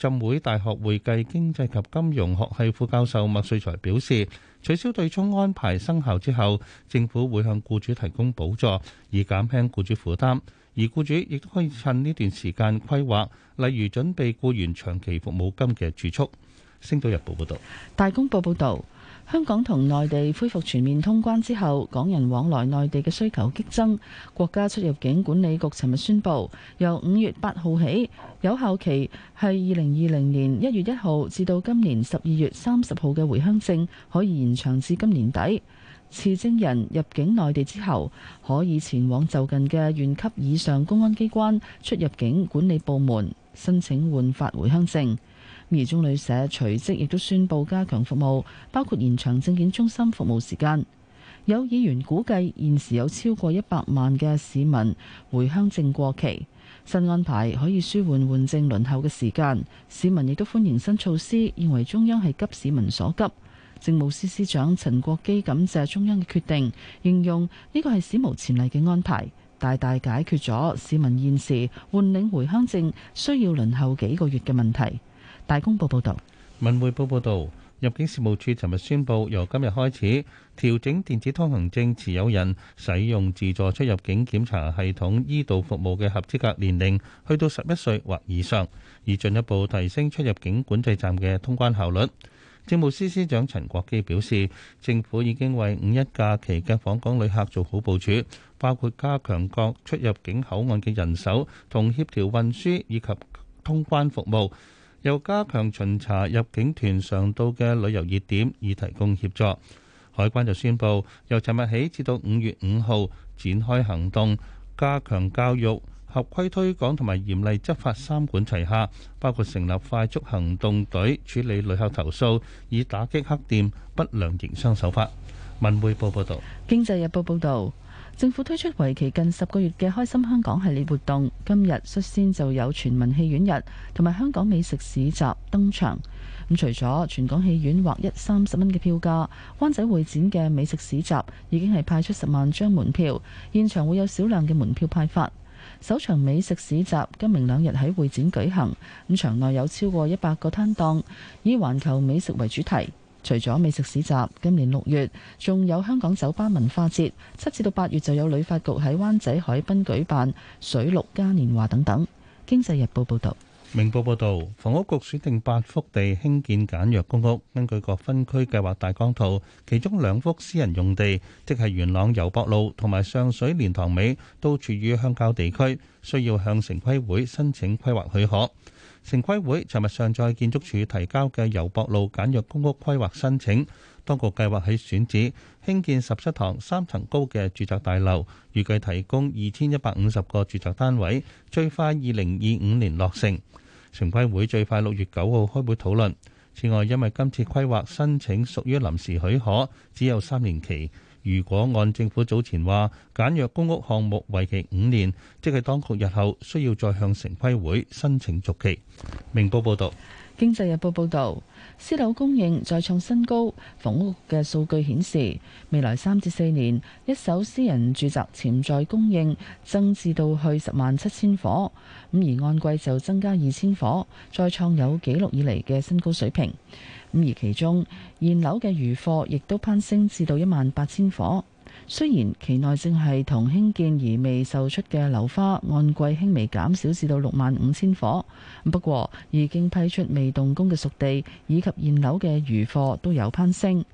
浸會大學會計經濟及金融學系副教授麥瑞才表示，取消對沖安排生效之後，政府會向雇主提供補助，以減輕雇主負擔，而雇主亦都可以趁呢段時間規劃，例如準備雇員長期服務金嘅儲蓄。星島日報報道，大公報報道。香港同內地恢復全面通關之後，港人往來內地嘅需求激增。國家出入境管理局尋日宣布，由五月八號起，有效期係二零二零年一月一號至到今年十二月三十號嘅回鄉證，可以延長至今年底。持證人入境內地之後，可以前往就近嘅縣級以上公安機關出入境管理部門申請換發回鄉證。而中旅社隨即亦都宣布加強服務，包括延長證件中心服務時間。有議員估計現時有超過一百萬嘅市民回鄉證過期，新安排可以舒緩換證輪候嘅時間，市民亦都歡迎新措施，認為中央係急市民所急。政務司司長陳國基感謝中央嘅決定，形容呢個係史無前例嘅安排，大大解決咗市民現時換領回鄉證需要輪候幾個月嘅問題。大公報報導，文匯報報導，入境事務處尋日宣布，由今日開始調整電子通行證持有人使用自助出入境檢查系統 e- 道服務嘅合資格年齡，去到十一歲或以上，以進一步提升出入境管制站嘅通關效率。政務司司長陳國基表示，政府已經為五一假期嘅訪港旅客做好部署，包括加強各出入境口岸嘅人手，同協調運輸以及通關服務。又加強巡查入境團常到嘅旅遊熱點，以提供協助。海關就宣布，由尋日起至到五月五號展開行動，加強教育、合規推廣同埋嚴厲執法三管齊下，包括成立快速行動隊處理旅客投訴，以打擊黑店不良營商手法。文匯報報導，《經濟日報》報導。政府推出為期近十個月嘅開心香港系列活動，今日率先就有全民戲院日同埋香港美食市集登場。咁、嗯、除咗全港戲院劃一三十蚊嘅票價，灣仔會展嘅美食市集已經係派出十萬張門票，現場會有少量嘅門票派發。首場美食市集今明兩日喺會展舉行，咁場內有超過一百個攤檔，以環球美食為主題。除咗美食市集，今年六月仲有香港酒吧文化節，七至到八月就有旅發局喺灣仔海濱舉辦水陸嘉年華等等。經濟日報報道，明報報道，房屋局選定八幅地興建簡約公屋，根據各分區計劃大綱圖，其中兩幅私人用地，即係元朗油博路同埋上水蓮塘尾，都處於鄉郊地區需要向城規會申請規劃許可。城規會尋日上載建築署提交嘅油博路簡約公屋規劃申請，當局計劃喺選址興建十七幢三層高嘅住宅大樓，預計提供二千一百五十個住宅單位，最快二零二五年落成。城規會最快六月九號開會討論。此外，因為今次規劃申請屬於臨時許可，只有三年期。如果按政府早前話，簡約公屋項目為期五年，即係當局日後需要再向城規會申請續期。明報報道，經濟日報報道， [MUSIC] 私樓供應再創新高。房屋局嘅數據顯示，未來三至四年一手私人住宅潛在供應增至到去十萬七千伙，咁而按季就增加二千伙，再創有紀錄以嚟嘅新高水平。咁而其中現樓嘅餘貨亦都攀升至到一萬八千夥，雖然期內正係同興建而未售出嘅樓花按季輕微減少至到六萬五千夥，不過已經批出未動工嘅熟地以及現樓嘅餘貨都有攀升。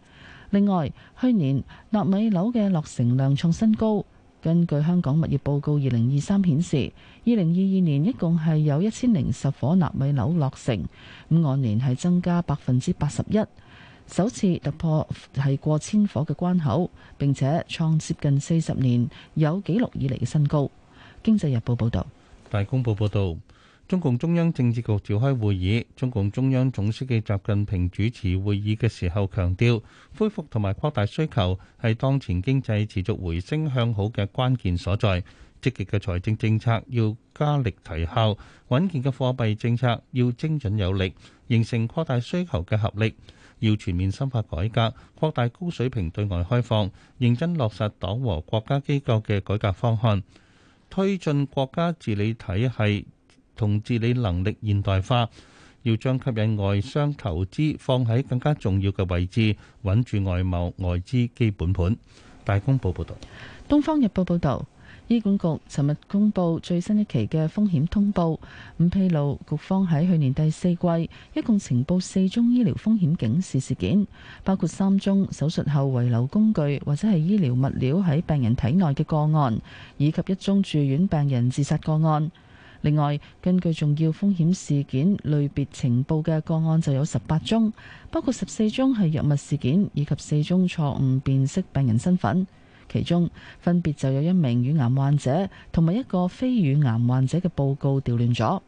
另外，去年納米樓嘅落成量創新高。根據香港物業報告二零二三，顯示，二零二二年一共係有一千零十伙納米樓落成，咁按年係增加百分之八十一，首次突破係過千伙嘅關口，並且創接近四十年有紀錄以嚟嘅新高。經濟日報報導，大公報報導。中共中央政治局召開會議，中共中央總書記習近平主持會議嘅時候，強調恢復同埋擴大需求係當前經濟持續回升向好嘅關鍵所在。積極嘅財政政策要加力提效，穩健嘅貨幣政策要精準有力，形成擴大需求嘅合力。要全面深化改革，擴大高水平對外開放，認真落實黨和國家機構嘅改革方案，推進國家治理體系，同治理能力現代化，要將吸引外商投資放喺更加重要嘅位置，穩住外貿外資基本盤。大公報報道。東方日報報道，醫管局尋日公布最新一期嘅風險通報，五披露，局方喺去年第四季一共呈報四宗醫療風險警示事件，包括三宗手術後遺留工具或者係醫療物料喺病人體內嘅個案，以及一宗住院病人自殺個案。另外，根據重要風險事件類別情報嘅個案就有十八宗，包括十四宗係藥物事件，以及四宗錯誤辨識病人身份。其中分別就有一名乳癌患者同埋一個非乳癌患者嘅報告調亂咗。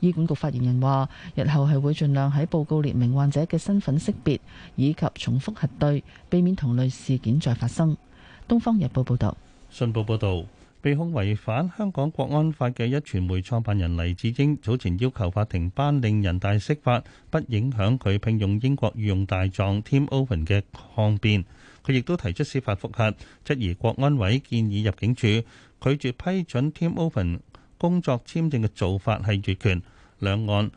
醫管局發言人話，日後係會盡量喺報告列明患者嘅身份識別，以及重複核對，避免同類事件再發生。《東方日報》報道。《信報》報導。被控違反香港國安法嘅壹傳媒創辦人黎智英早前要求法庭頒令人大釋法，不影響佢聘用英國御用大狀 Tim Owen 嘅抗辯。佢亦都提出司法覆核，質疑國安委建議入境處拒絕批准批准 Tim Owen 工作簽證嘅做法係越權。兩案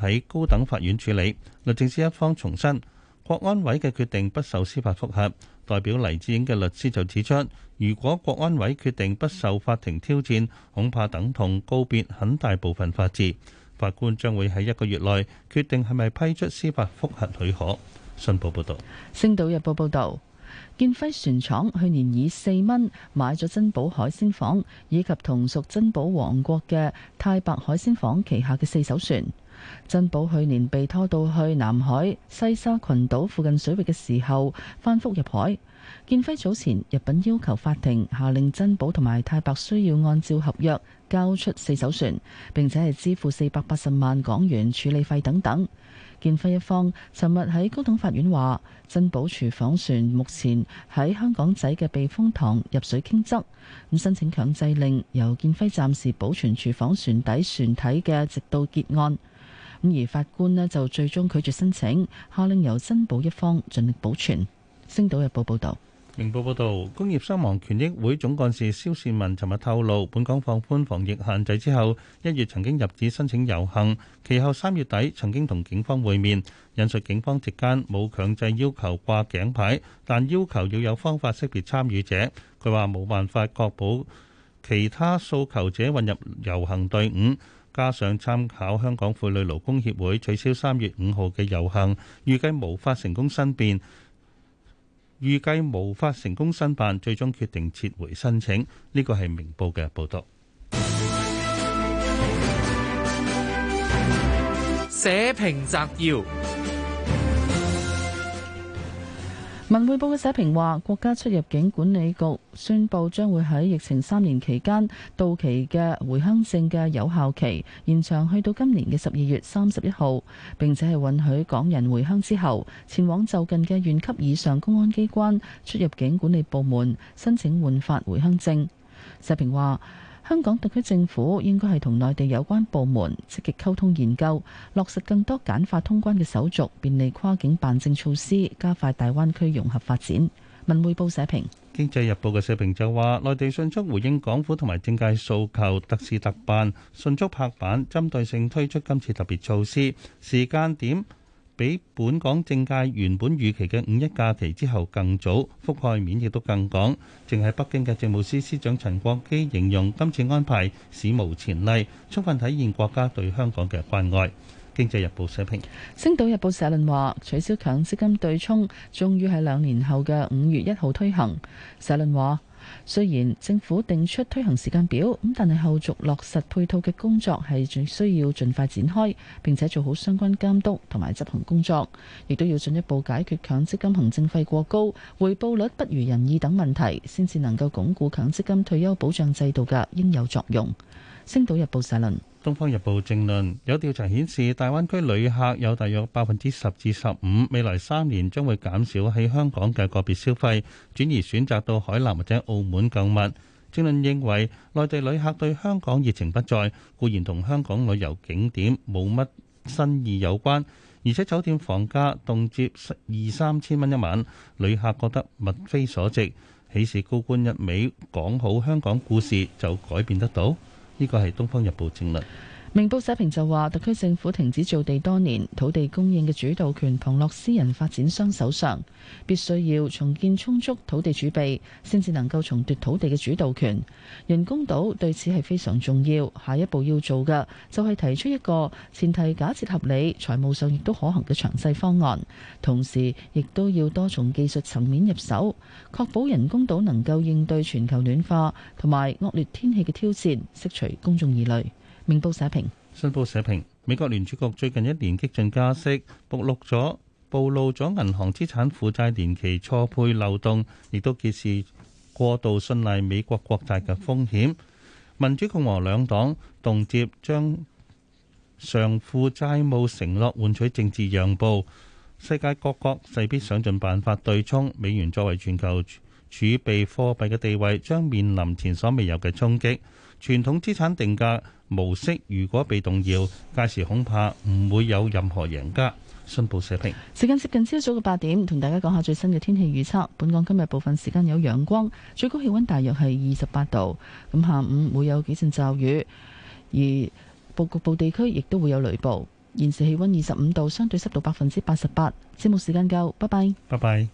喺高等法院處理，律政司一方重申國安委嘅決定不受司法覆核。代表黎智英嘅律師就指出，如果國安委決定不受法庭挑戰，恐怕等同告別很大部分法治。法官將會喺一個月內決定係咪批出司法覆核許可。信報報道，星島日報報道，建輝船廠去年以四蚊買咗珍寶海鮮舫，以及同屬珍寶王國嘅太白海鮮舫旗下嘅四艘船。珍寶去年被拖到去南海西沙群島附近水域嘅時候翻覆入海。建輝早前入稟要求法庭下令珍寶同埋太白需要按照合約交出四艘船，並且係支付四百八十萬港元處理費等等。建輝一方尋日喺高等法院話，珍寶廚房船目前喺香港仔嘅避風塘入水傾側，咁申請強制令由建輝暫時保存廚房船底船體嘅，直到結案。咁而法官咧就最終拒絕申請，下令由珍保一方盡力保存。星島日報報導，明報報導，工業傷亡權益會總幹事蕭倩文尋日透露，本港放寬防疫限制之後，一月曾經入紙申請遊行，其後三月底曾經同警方會面，引述警方席間冇強制要求掛頸牌，但要求要有方法識別參與者。佢話冇辦法確保其他訴求者混入遊行隊伍。加上參考香港婦女勞工協會取消三月五號嘅遊行，預計無法成功申辯，預計無法成功申辦，最終決定撤回申請。呢、這個係明報嘅報導。社評摘要。文匯報嘅社評話，國家出入境管理局宣布將會喺疫情三年期間到期嘅回鄉證嘅有效期延長去到今年嘅十二月三十一號，並且係允許港人回鄉之後前往就近嘅縣級以上公安機關出入境管理部門申請換發回鄉證。社評話。香港特區政府應該係同內地有關部門積極溝通研究，落實更多簡化通關嘅手續，便利跨境辦證措施，加快大灣區融合發展。文匯報社評，經濟日報嘅社評就話，內地迅速回應港府同埋政界訴求，特事特辦，迅速拍板，針對性推出今次特別措施，時間點，比本港政界原本預期嘅五一假期之後更早，覆蓋面亦都更廣，正係北京嘅政務司司長陳國基形容今次安排史無前例，充分體現國家對香港嘅關愛。經濟日報社評，星島日報社論話取消強積金對沖終於喺兩年後嘅五月一號推行。社論話。雖然政府定出推行時間表，咁但係後續落實配套嘅工作係仲需要盡快展開，並且做好相關監督同埋執行工作，亦都要進一步解決強積金行政費過高、回報率不如人意等問題，先至能夠鞏固強積金退休保障制度嘅應有作用。星島日報社論。《東方日報》政論有調查顯示，大灣區旅客有大約百分之十至十五，未來三年將會減少喺香港嘅個別消費，轉而選擇到海南或者澳門購物。政論認為，內地旅客對香港熱情不再，固然同香港旅遊景點冇乜新意有關，而且酒店房價動輒二三千蚊一晚，旅客覺得物非所值，豈是高官一味講好香港故事就改變得到？呢個係《東方日報》政論。明報社評就話，特區政府停止造地多年，土地供應嘅主導權旁落私人發展商手上，必須要重建充足土地儲備，先至能夠重奪土地嘅主導權。人工島對此係非常重要。下一步要做嘅就係提出一個前提假設合理、財務上亦都可行嘅詳細方案，同時亦都要多從技術層面入手，確保人工島能夠應對全球暖化同埋惡劣天氣嘅挑戰，釋除公眾疑慮。明報社評，信報社評。美國聯儲局最近一年激進加息，暴露咗暴露咗銀行資產負債年期錯配漏洞，亦都揭示過度信賴美國國債嘅風險。民主共和兩黨動輒將償付債務承諾換取政治讓步，世界各國勢必想盡辦法對沖美元，作為全球儲備貨幣嘅地位將面臨前所未有嘅衝擊，傳統資產定價，模式如果被動搖，屆時恐怕唔會有任何贏家。新報社評。時間接近朝早嘅八點，同大家講下最新嘅天氣預測。本港今日部分時間有陽光，最高氣温大約係二十八度。咁下午會有幾陣驟雨，而部局部地區亦都會有雷暴。現時氣温二十五度，相對濕度百分之八十八。節目時間夠，拜拜。拜拜。